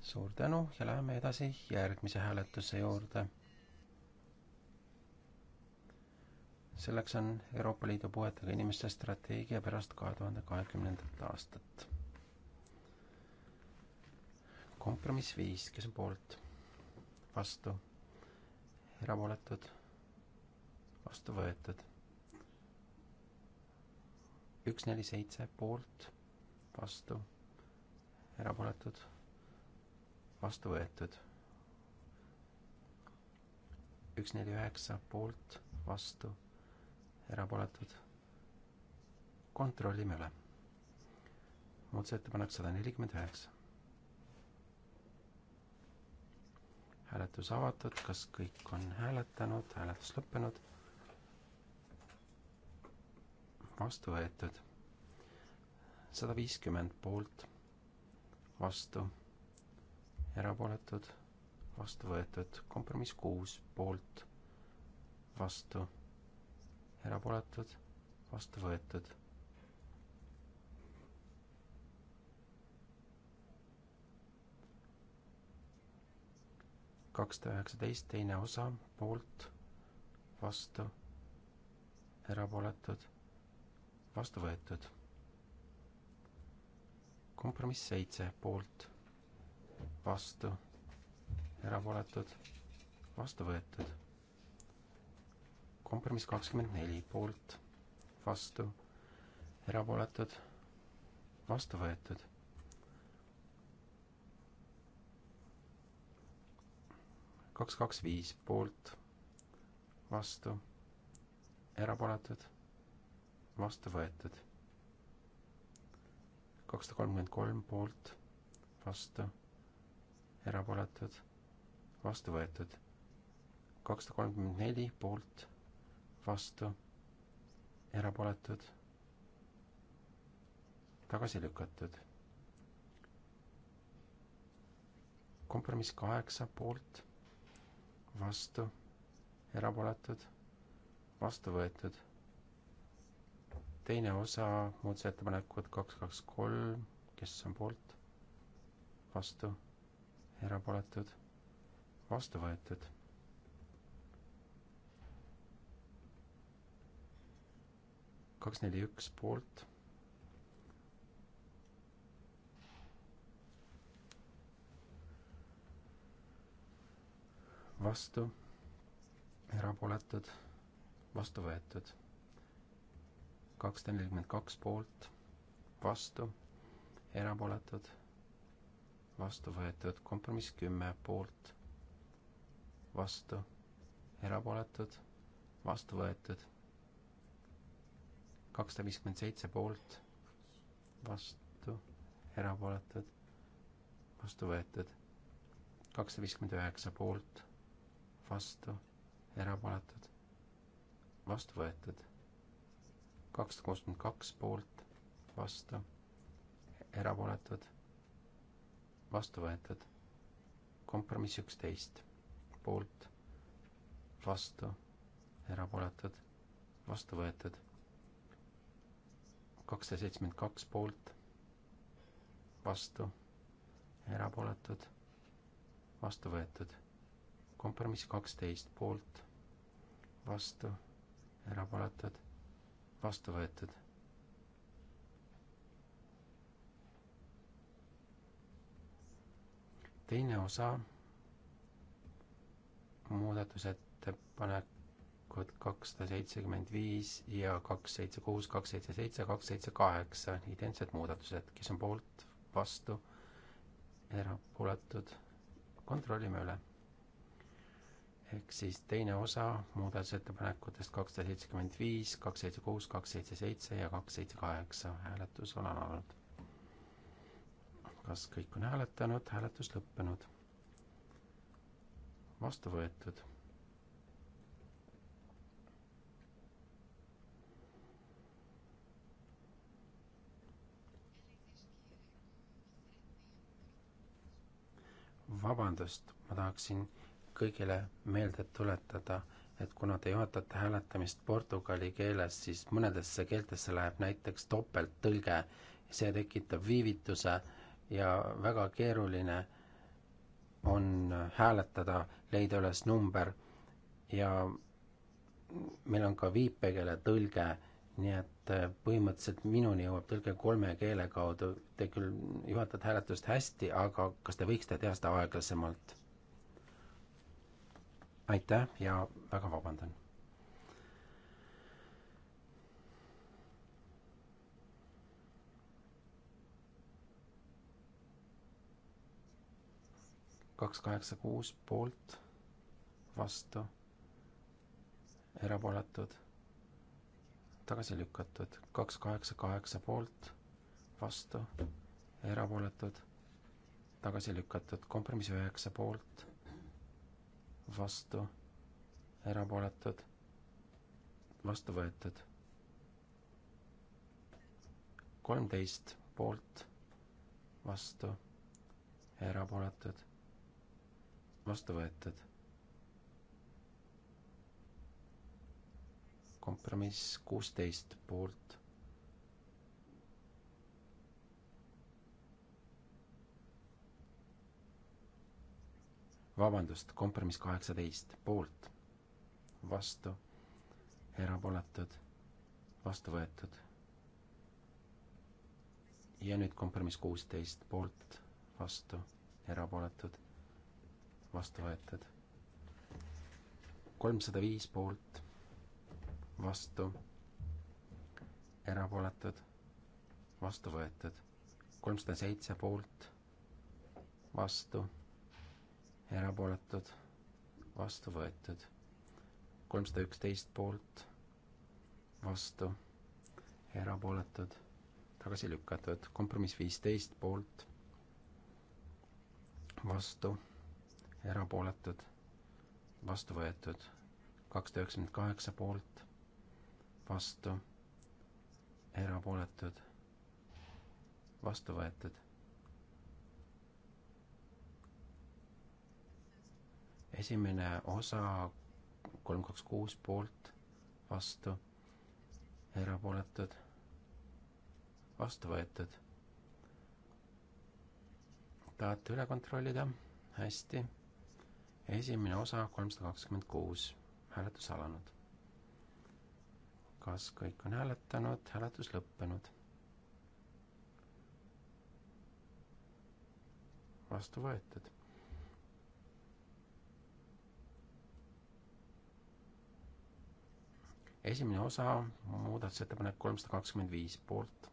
suur tänu ja läheme edasi järgmise hääletuse juurde selleks on Euroopa Liidu puuetega inimeste strateegia pärast kahe tuhande kahekümnendat aastat. kompromiss viis, kes on poolt, vastu, erapooletud, vastu võetud. üks, neli, seitse poolt, vastu, erapooletud, vastu võetud. üks, neli, üheksa poolt, vastu erapooletud. kontrollime üle. muudatusettepanek sada nelikümmend üheksa. hääletus avatud, kas kõik on hääletanud, hääletus lõppenud? vastu võetud. sada viiskümmend poolt, vastu, erapooletud, vastu võetud, kompromiss kuus poolt, vastu erapooletud, vastu võetud. kakssada üheksateist teine osa poolt, vastu, erapooletud, vastu võetud. kompromiss seitse poolt, vastu, erapooletud, vastu võetud kompromiss kakskümmend neli poolt, vastu, erapooletud, vastu võetud. kaks, kaks, viis poolt, vastu, erapooletud, vastu võetud. kakssada kolmkümmend kolm poolt, vastu, erapooletud, vastu võetud kakssada kolmkümmend neli poolt, vastu, erapooletud, tagasi lükatud. kompromiss kaheksa poolt, vastu, erapooletud, vastu võetud. teine osa muudatusettepanekud kaks, kaks, kolm, kes on poolt, vastu, erapooletud, vastu võetud kaks, neli, üks poolt. vastu, erapooletud, vastu võetud. kakssada nelikümmend kaks poolt, vastu, erapooletud, vastu võetud, kompromiss kümme poolt, vastu, erapooletud, vastu võetud kakssada viiskümmend seitse poolt, vastu, erapooletud, vastu võetud. kakssada viiskümmend üheksa poolt, vastu, erapooletud, vastu võetud. kakssada kuuskümmend kaks poolt, vastu, erapooletud, vastu võetud. kompromiss üksteist poolt, vastu, erapooletud, vastu võetud kakssada seitsekümmend kaks poolt, vastu, erapooletud, vastu võetud. kompromiss kaksteist poolt, vastu, erapooletud, vastu võetud. teine osa muudatusettepanek tuhat kakssada seitsekümmend viis ja kaks seitse kuus, kaks seitse seitse, kaks seitse kaheksa, identsed muudatused, kes on poolt, vastu, erapooletud, kontrollime üle. ehk siis teine osa muudatusettepanekutest kakssada seitsekümmend viis, kaks seitse kuus, kaks seitse seitse ja kaks seitse kaheksa, hääletus on alanud. kas kõik on hääletanud, hääletus lõppenud? vastu võetud vabandust, ma tahaksin kõigile meelde tuletada, et kuna te juhatate hääletamist portugali keeles, siis mõnedesse keeltesse läheb näiteks topelttõlge, see tekitab viivituse ja väga keeruline on hääletada, leida üles number ja meil on ka viipekeeletõlge nii et äh, põhimõtteliselt minuni jõuab tõlge kolme keele kaudu, te küll juhatate hääletust hästi, aga kas te võiksite teha seda aeglasemalt? aitäh ja väga vabandan. kaks kaheksa kuus poolt, vastu, erapooletud tagasi lükatud, kaks kaheksa kaheksa poolt, vastu, erapooletud, tagasi lükatud, kompromiss üheksa poolt, vastu, erapooletud, vastu võetud. kolmteist poolt, vastu, erapooletud, vastu võetud kompromiss kuusteist poolt, vabandust, kompromiss kaheksateist poolt, vastu, erapooletud, vastu võetud. ja nüüd kompromiss kuusteist poolt, vastu, erapooletud, vastu võetud. kolmsada viis poolt vastu, erapooletud, vastu võetud. kolmsada seitse poolt, vastu, erapooletud, vastu võetud. kolmsada üksteist poolt, vastu, erapooletud, tagasi lükatud. kompromiss viisteist poolt, vastu, erapooletud, vastu võetud kakssada üheksakümmend kaheksa poolt, vastu, erapooletud, vastu võetud. esimene osa kolm, kaks, kuus poolt, vastu, erapooletud, vastu võetud. tahate üle kontrollida? hästi. esimene osa kolmsada kakskümmend kuus, hääletus alanud kas kõik on hääletanud, hääletus lõppenud? vastu võetud. esimene osa muudatusettepanek kolmsada kakskümmend viis poolt,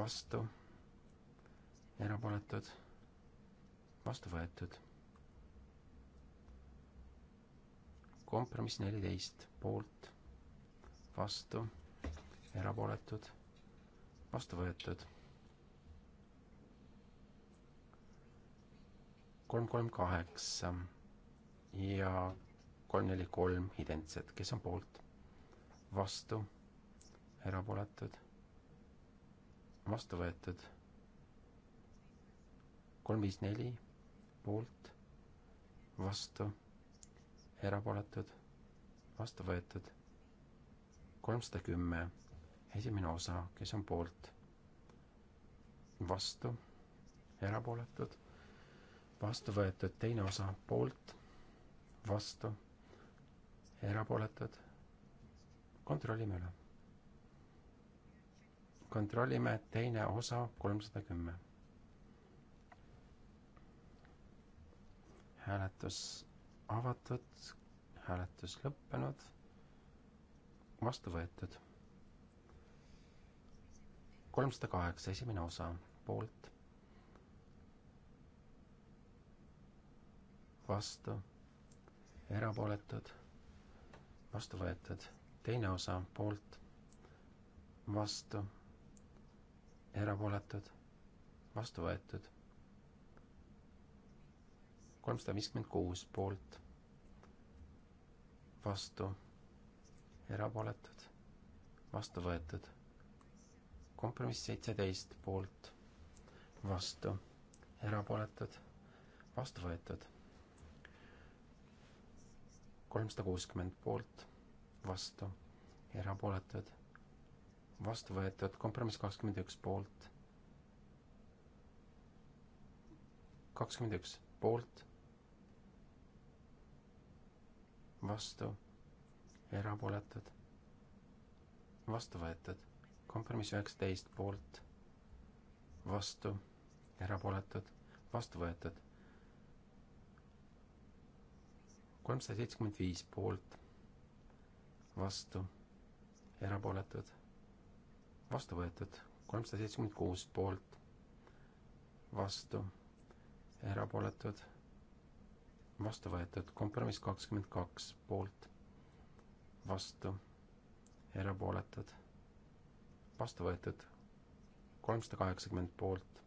vastu, erapooletud, vastu võetud kompromiss neliteist poolt, vastu, erapooletud, vastu võetud. kolm, kolm, kaheksa ja kolm, neli, kolm identsed, kes on poolt, vastu, erapooletud, vastu võetud. kolm, viis, neli, poolt, vastu, erapooletud, vastu võetud kolmsada kümme, esimene osa, kes on poolt, vastu, erapooletud, vastu võetud, teine osa poolt, vastu, erapooletud, kontrollime üle. kontrollime teine osa, kolmsada kümme. hääletus avatud, hääletus lõppenud vastu võetud. kolmsada kaheksa, esimene osa, poolt. vastu, erapooletud, vastu võetud, teine osa, poolt, vastu, erapooletud, vastu võetud. kolmsada viiskümmend kuus, poolt, vastu erapooletud, vastu võetud. kompromiss seitseteist poolt, vastu, erapooletud, vastu võetud. kolmsada kuuskümmend poolt, vastu, erapooletud, vastu võetud, kompromiss kakskümmend üks poolt, kakskümmend üks poolt, vastu erapooletud, vastu võetud. kompromiss üheksateist poolt, vastu, erapooletud, vastu võetud. kolmsada seitsekümmend viis poolt, vastu, erapooletud, vastu võetud. kolmsada seitsekümmend kuus poolt, vastu, erapooletud vastu võetud kompromiss kakskümmend kaks poolt, vastu, erapooletud, vastu võetud, kolmsada kaheksakümmend poolt,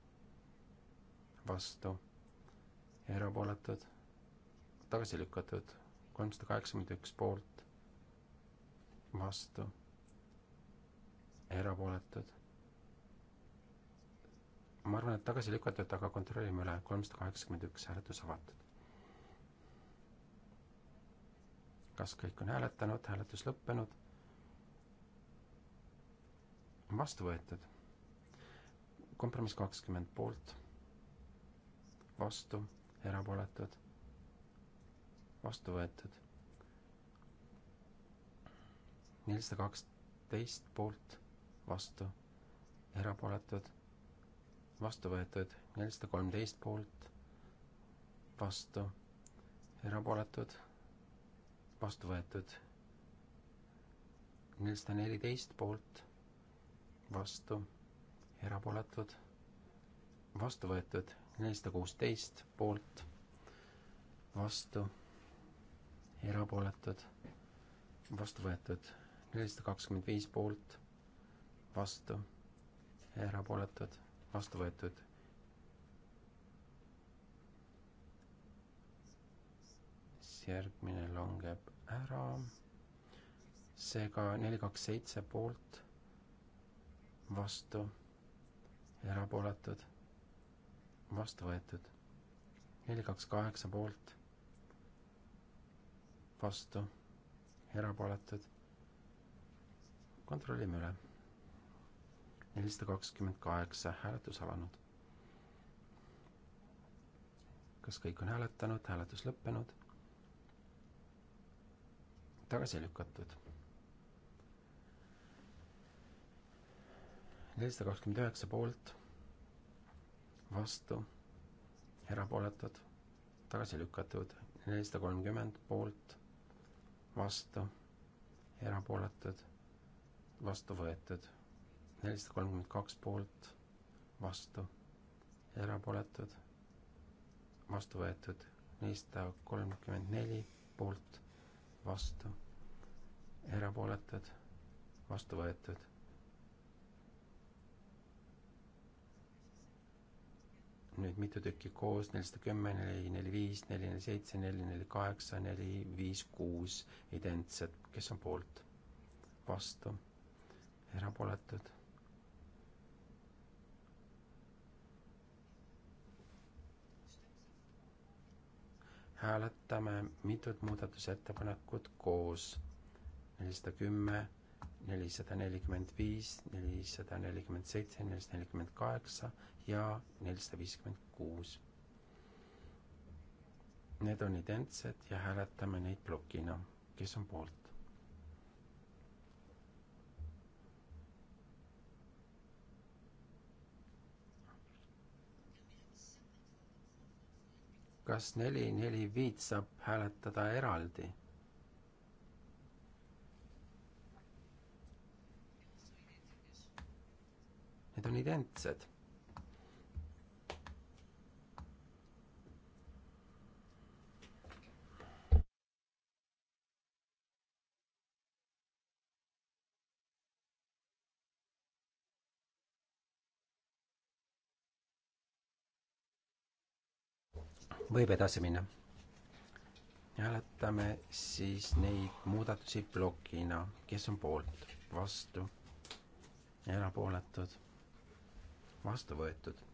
vastu, erapooletud, tagasi lükatud, kolmsada kaheksakümmend üks poolt, vastu, erapooletud. ma arvan, et tagasi lükatud, aga kontrollime üle, kolmsada kaheksakümmend üks hääletus avatud. kas kõik on hääletanud, hääletus lõppenud? vastu võetud. kompromiss kakskümmend poolt, vastu, erapooletud, vastu võetud. nelisada kaksteist poolt, vastu, erapooletud, vastu võetud, nelisada kolmteist poolt, vastu, erapooletud vastu võetud. nelisada neliteist poolt, vastu, erapooletud, vastu võetud, nelisada kuusteist poolt, vastu, erapooletud, vastu võetud, nelisada kakskümmend viis poolt, vastu, erapooletud, vastu võetud järgmine langeb ära. seega neli, kaks, seitse poolt, vastu, erapooletud, vastu võetud. neli, kaks, kaheksa poolt, vastu, erapooletud. kontrollime üle. nelisada kakskümmend kaheksa, hääletus alanud kas kõik on hääletanud, hääletus lõppenud tagasi lükatud. nelisada kakskümmend üheksa poolt, vastu, erapooletud, tagasi lükatud, nelisada kolmkümmend poolt, vastu, erapooletud, vastu võetud, nelisada kolmkümmend kaks poolt, vastu, erapooletud, vastu võetud, nelisada kolmkümmend neli poolt vastu, erapooletud, vastu võetud. nüüd mitu tükki koos, nelisada kümme, neli, neli, viis, neli, neli, seitse, neli, neli, kaheksa, neli, viis, kuus identsed, kes on poolt, vastu, erapooletud hääletame mitut muudatusettepanekut koos. nelisada kümme, nelisada nelikümmend viis, nelisada nelikümmend seitse, nelisada nelikümmend kaheksa ja nelisada viiskümmend kuus. Need on identsed ja hääletame neid plokina, kes on poolt. kas neli, neli, viit saab hääletada eraldi? Need on identsed võib edasi minna. hääletame siis neid muudatusi plokina, kes on poolt, vastu, erapooletud, vastu võetud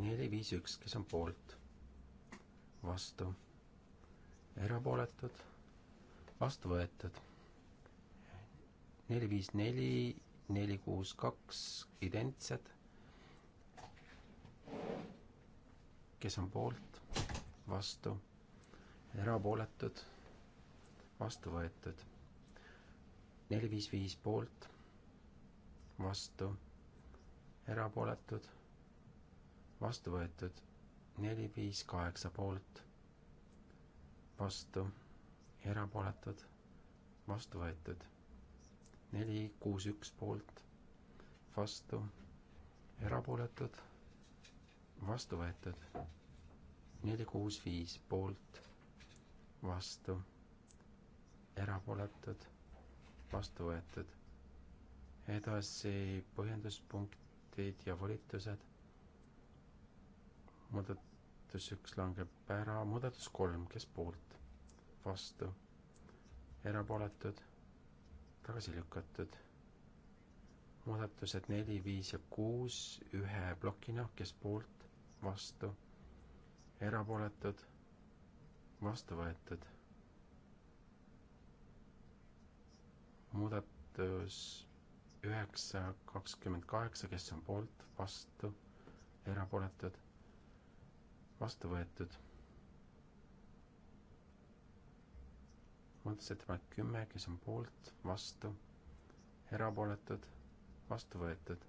neli, viis, üks, kes on poolt, vastu, erapooletud, vastu võetud. neli, viis, neli neli, kuus, kaks, identsed. kes on poolt, vastu, erapooletud, vastu võetud. neli, viis, viis poolt, vastu, erapooletud, vastu võetud. neli, viis, kaheksa poolt, vastu, erapooletud, vastu võetud neli, kuus, üks poolt, vastu, erapooletud, vastu võetud. neli, kuus, viis poolt, vastu, erapooletud, vastu võetud. edasi põhjenduspunktid ja volitused. muudatus üks langeb ära, muudatus kolm, kes poolt, vastu, erapooletud tagasi lükatud. muudatused neli, viis ja kuus ühe plokina, kes poolt, vastu, erapooletud, vastu võetud. muudatus üheksa, kakskümmend kaheksa, kes on poolt, vastu, erapooletud, vastu võetud muudatusettepanek kümme, kes on poolt, vastu, erapooletud, vastu võetud.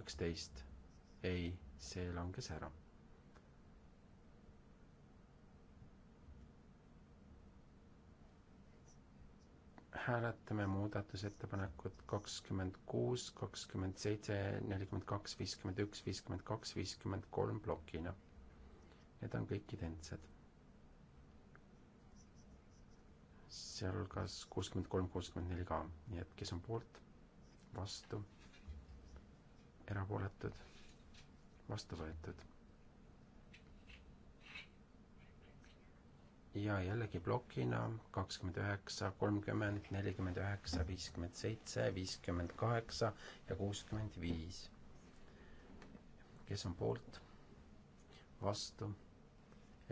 üksteist, ei, see langes ära. hääletame muudatusettepanekut kakskümmend kuus, kakskümmend seitse, nelikümmend kaks, viiskümmend üks, viiskümmend kaks, viiskümmend kolm plokina. Need on kõik identsed. sealhulgas kuuskümmend kolm, kuuskümmend neli ka, nii et kes on poolt, vastu, erapooletud, vastu võetud. ja jällegi plokina kakskümmend üheksa, kolmkümmend, nelikümmend üheksa, viiskümmend seitse, viiskümmend kaheksa ja kuuskümmend viis. kes on poolt, vastu,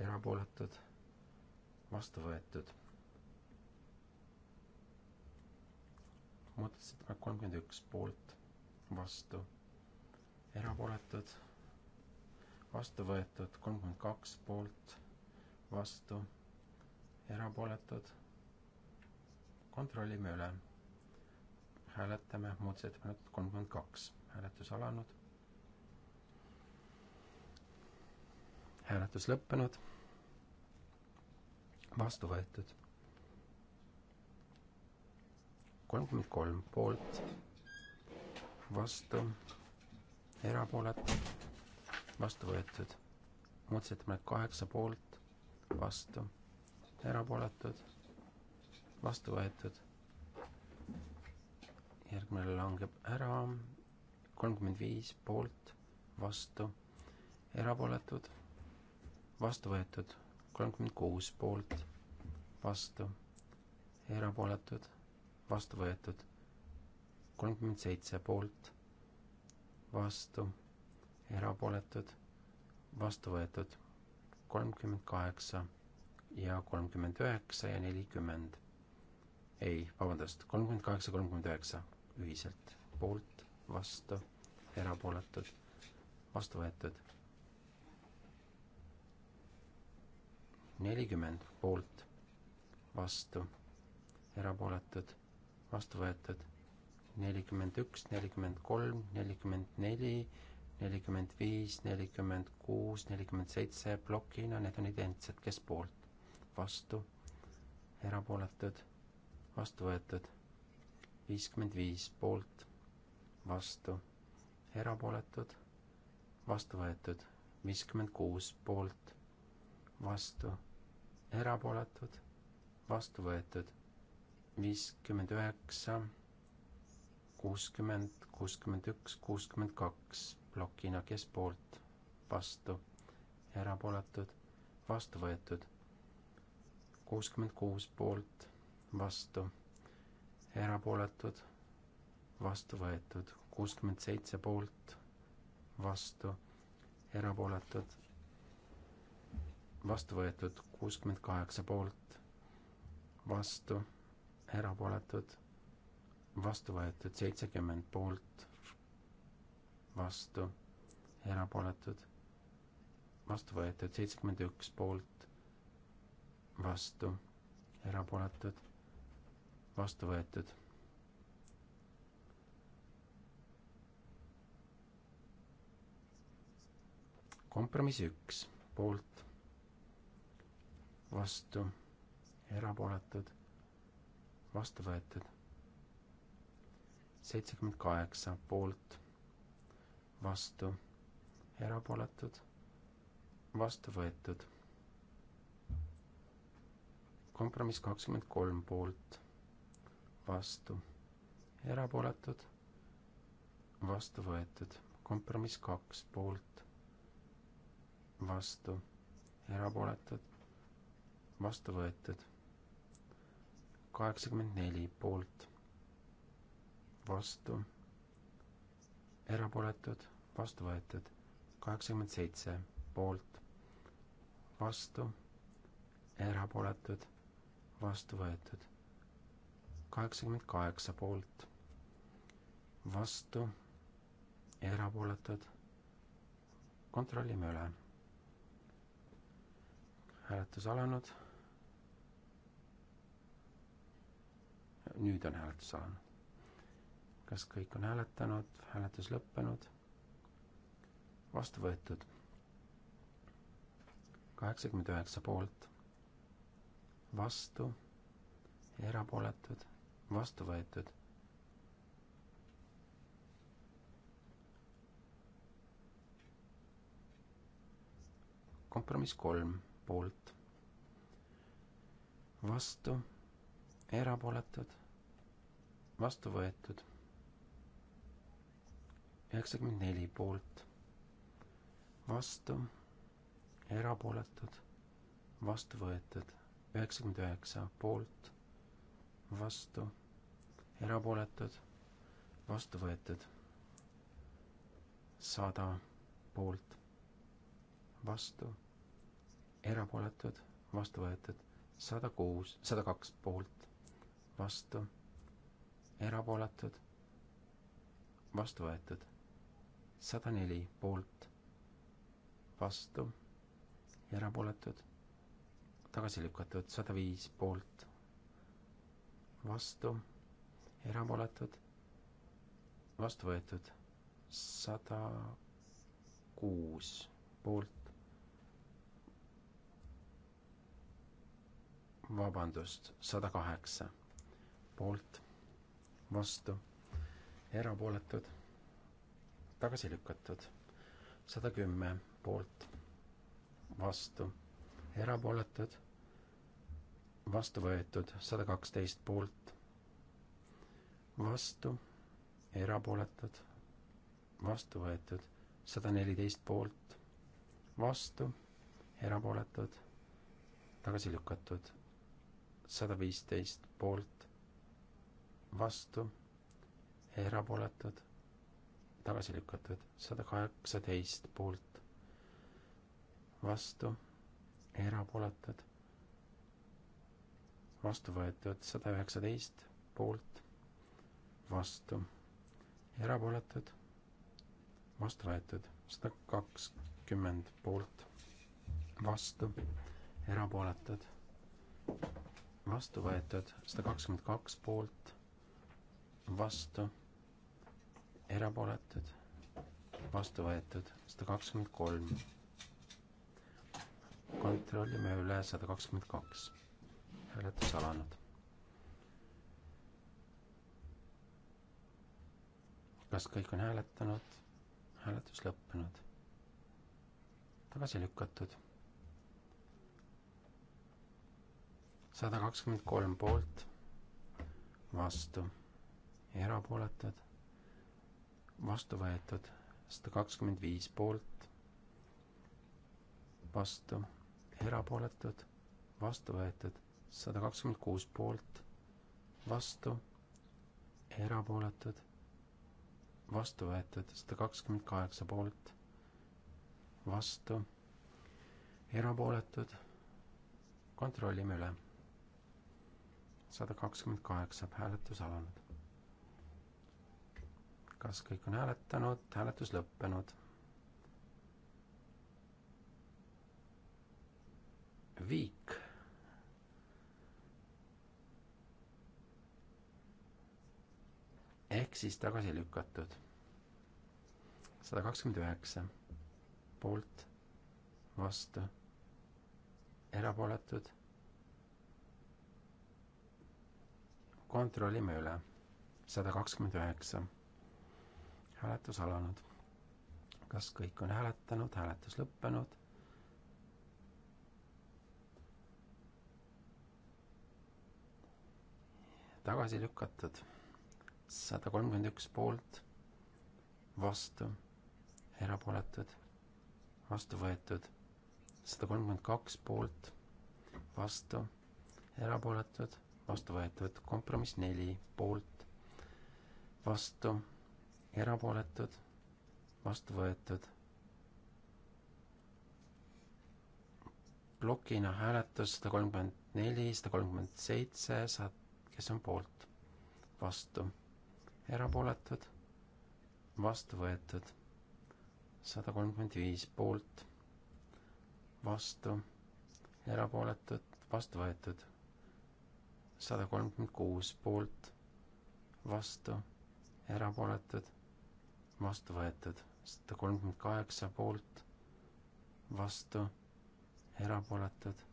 erapooletud, vastu võetud muudatusettepanek kolmkümmend üks poolt, vastu, erapooletud, vastu võetud kolmkümmend kaks poolt, vastu, erapooletud. kontrollime üle. hääletame muudatusettepanekut kolmkümmend kaks, hääletus alanud. hääletus lõppenud, vastu võetud kolmkümmend kolm poolt, vastu, erapooletu, vastu võetud. muudatusettepanek kaheksa poolt, vastu, erapooletud, vastu võetud. järgmine langeb ära, kolmkümmend viis poolt, vastu, erapooletud, vastu võetud, kolmkümmend kuus poolt, vastu, erapooletud vastu võetud. kolmkümmend seitse poolt, vastu, erapooletud, vastu võetud. kolmkümmend kaheksa ja kolmkümmend üheksa ja nelikümmend. ei, vabandust, kolmkümmend kaheksa, kolmkümmend üheksa ühiselt, poolt, vastu, erapooletud, vastu võetud. nelikümmend poolt, vastu erapooletud, vastu võetud. nelikümmend üks, nelikümmend kolm, nelikümmend neli, nelikümmend viis, nelikümmend kuus, nelikümmend seitse plokina, need on identsed, kes poolt, vastu, erapooletud, vastu võetud. viiskümmend viis poolt, vastu, erapooletud, vastu võetud. viiskümmend kuus poolt, vastu, erapooletud, vastu võetud viiskümmend üheksa, kuuskümmend, kuuskümmend üks, kuuskümmend kaks plokina, kes poolt, vastu, erapooletud, vastu võetud, kuuskümmend kuus poolt, vastu, erapooletud, vastu võetud, kuuskümmend seitse poolt, vastu, erapooletud, vastu võetud, kuuskümmend kaheksa poolt, vastu erapooletud, vastu võetud seitsekümmend poolt, vastu, erapooletud, vastu võetud seitsekümmend üks poolt, vastu, erapooletud, vastu võetud. kompromiss üks, poolt, vastu, erapooletud vastu võetud. seitsekümmend kaheksa poolt, vastu, erapooletud, vastu võetud. kompromiss kakskümmend kolm poolt, vastu, erapooletud, vastu võetud. kompromiss kaks poolt, vastu, erapooletud, vastu võetud kaheksakümmend neli poolt, vastu, erapooletud, vastu võetud, kaheksakümmend seitse poolt, vastu, erapooletud, vastu võetud, kaheksakümmend kaheksa poolt, vastu, erapooletud, kontrollime üle. hääletus alanud nüüd on hääletus alanud. kas kõik on hääletanud, hääletus lõppenud? vastu võetud. kaheksakümmend üheksa poolt, vastu, erapooletud, vastu võetud. kompromiss kolm poolt, vastu, erapooletud, vastu võetud. üheksakümmend neli poolt, vastu, erapooletud, vastu võetud, üheksakümmend üheksa poolt, vastu, erapooletud, vastu võetud, sada poolt, vastu, erapooletud, vastu võetud, sada kuus, sada kaks poolt, vastu erapooletud, vastu võetud. sada neli poolt, vastu, erapooletud, tagasi lükatud, sada viis poolt, vastu, erapooletud, vastu võetud, sada kuus poolt. vabandust, sada kaheksa poolt vastu, erapooletud, tagasi lükatud, sada kümme poolt, vastu, erapooletud, vastu võetud, sada kaksteist poolt, vastu, erapooletud, vastu võetud, sada neliteist poolt, vastu, erapooletud, tagasi lükatud, sada viisteist poolt, vastu, erapooletud, tagasi lükatud, sada kaheksateist poolt, vastu, erapooletud, vastu võetud, sada üheksateist poolt, vastu, erapooletud, vastu võetud, sada kakskümmend poolt, vastu, erapooletud vastu võetud, sada kakskümmend kaks poolt, vastu, erapooletud, vastu võetud sada kakskümmend kolm. kontrollime üle sada kakskümmend kaks. hääletus alanud. kas kõik on hääletanud? hääletus lõppenud. tagasi lükatud. sada kakskümmend kolm poolt, vastu erapooletud, vastu võetud sada kakskümmend viis poolt, vastu, erapooletud, vastu võetud sada kakskümmend kuus poolt, vastu, erapooletud, vastu võetud sada kakskümmend kaheksa poolt, vastu, erapooletud, kontrollime üle. sada kakskümmend kaheksa, hääletus alanud kas kõik on hääletanud, hääletus lõppenud. viik. ehk siis tagasi lükatud. sada kakskümmend üheksa poolt, vastu, erapooletud. kontrollime üle. sada kakskümmend üheksa hääletus alanud. kas kõik on hääletanud, hääletus lõppenud? tagasi lükatud sada kolmkümmend üks poolt, vastu, erapooletud, vastu võetud, sada kolmkümmend kaks poolt, vastu, erapooletud, vastu võetud, kompromiss neli poolt, vastu erapooletud, vastu võetud. plokina hääletus sada kolmkümmend neli, sada kolmkümmend seitse, saad, kes on poolt, vastu, erapooletud, vastu võetud, sada kolmkümmend viis poolt, vastu, erapooletud, vastu võetud, sada kolmkümmend kuus poolt, vastu, erapooletud vastu võetud, sada kolmkümmend kaheksa poolt, vastu, erapooletud,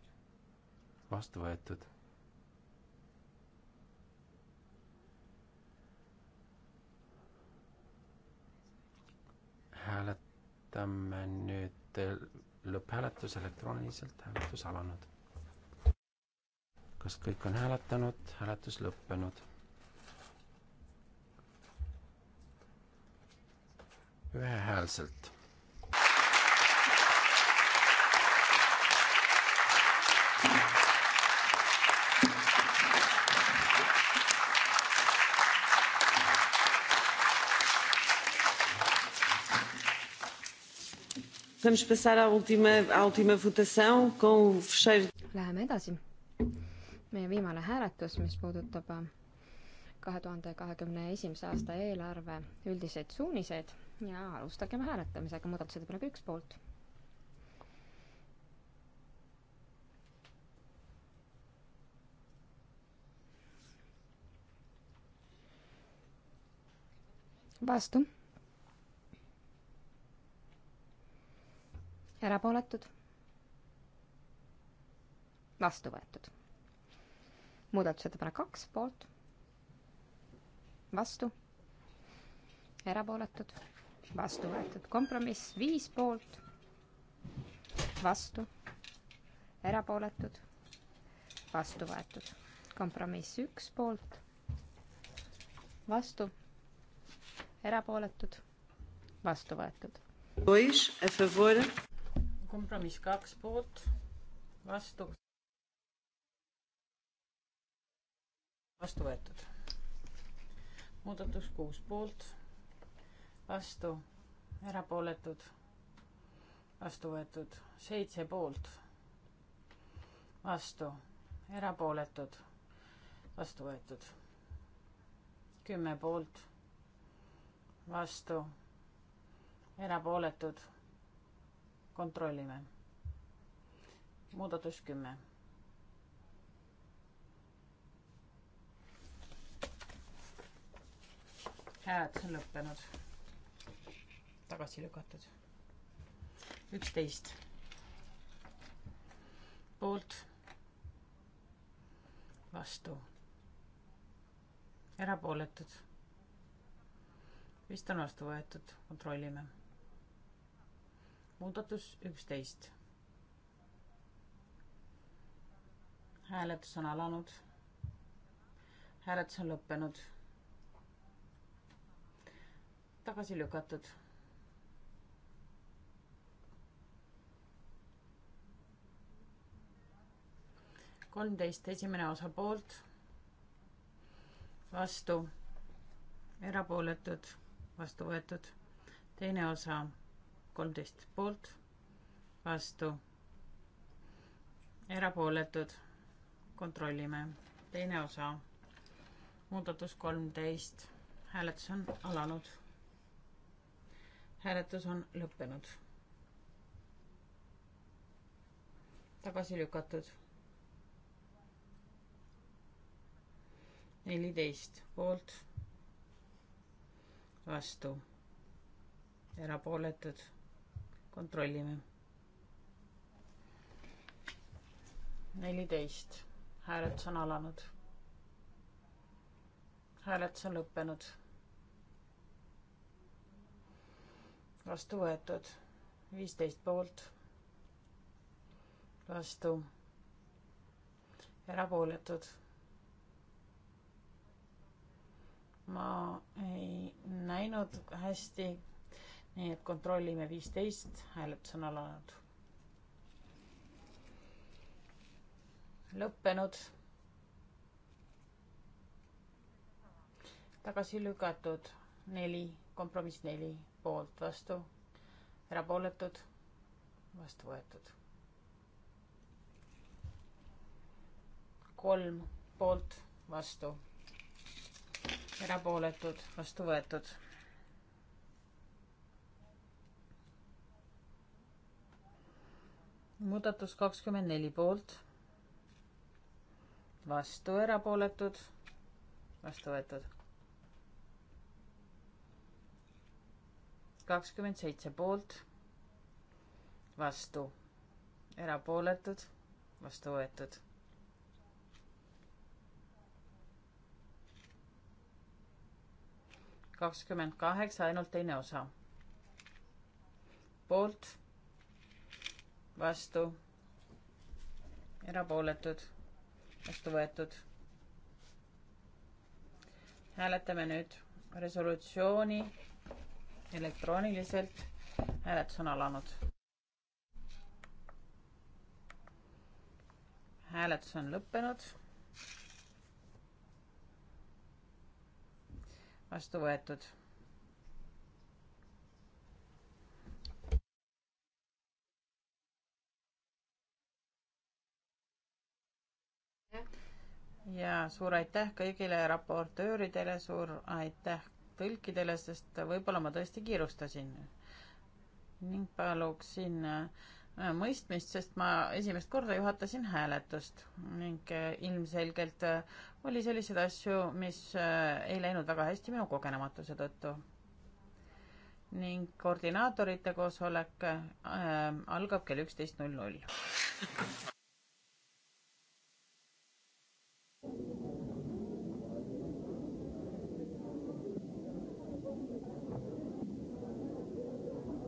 vastu võetud. hääletame nüüd lõpphääletus elektrooniliselt, hääletus alanud. kas kõik on hääletanud, hääletus lõppenud ühehäälselt. Vamos passar à última, à última votação com o fecheiro. Läheme edasi. Meie viimane hääletus, mis puudutab äh, kahe tuhande kahekümne esimese aasta eelarve üldiseid suuniseid ja alustagem hääletamisega, muudatusettepanek üks poolt. vastu. erapooletud. vastu võetud. muudatusettepanek kaks poolt. vastu. erapooletud vastu võetud. kompromiss viis poolt, vastu, erapooletud, vastu võetud. kompromiss üks poolt, vastu, erapooletud, vastu võetud. Er kompromiss kaks poolt, vastu. vastu võetud. muudatus kuus poolt vastu, erapooletud, vastu võetud, seitse poolt, vastu, erapooletud, vastu võetud, kümme poolt, vastu, erapooletud, kontrollime. muudatus kümme hääletus on lõppenud tagasi lükatud. üksteist poolt, vastu, erapooletud. vist on vastu võetud, kontrollime. muudatus üksteist. hääletus on alanud. hääletus on lõppenud. tagasi lükatud kolmteist esimene osa poolt, vastu, erapooletud, vastu võetud. teine osa kolmteist poolt, vastu, erapooletud, kontrollime. teine osa, muudatus kolmteist, hääletus on alanud. hääletus on lõppenud. tagasi lükatud neliteist poolt, vastu, erapooletud, kontrollime. neliteist, hääletus on alanud. hääletus on lõppenud. vastu võetud, viisteist poolt, vastu, erapooletud ma ei näinud hästi, nii et kontrollime viisteist, hääletus on alanud. lõppenud. tagasi lükatud neli, kompromiss neli, poolt, vastu, erapooletud, vastu võetud. kolm poolt, vastu erapooletud, vastu võetud. muudatus kakskümmend neli poolt, vastu erapooletud, vastu võetud. kakskümmend seitse poolt, vastu erapooletud, vastu võetud kakskümmend kaheksa, ainult teine osa. poolt, vastu, erapooletud, vastu võetud. hääletame nüüd resolutsiooni elektrooniliselt. hääletus on alanud. hääletus on lõppenud vastu võetud. ja suur aitäh kõigile raportööridele, suur aitäh tõlkidele, sest võib-olla ma tõesti kiirustasin ning paluksin äh, mõistmist, sest ma esimest korda juhatasin hääletust ning äh, ilmselgelt äh, oli selliseid asju, mis äh, ei läinud väga hästi minu kogenematuse tõttu. ning koordinaatorite koosolek äh, algab kell üksteist null null.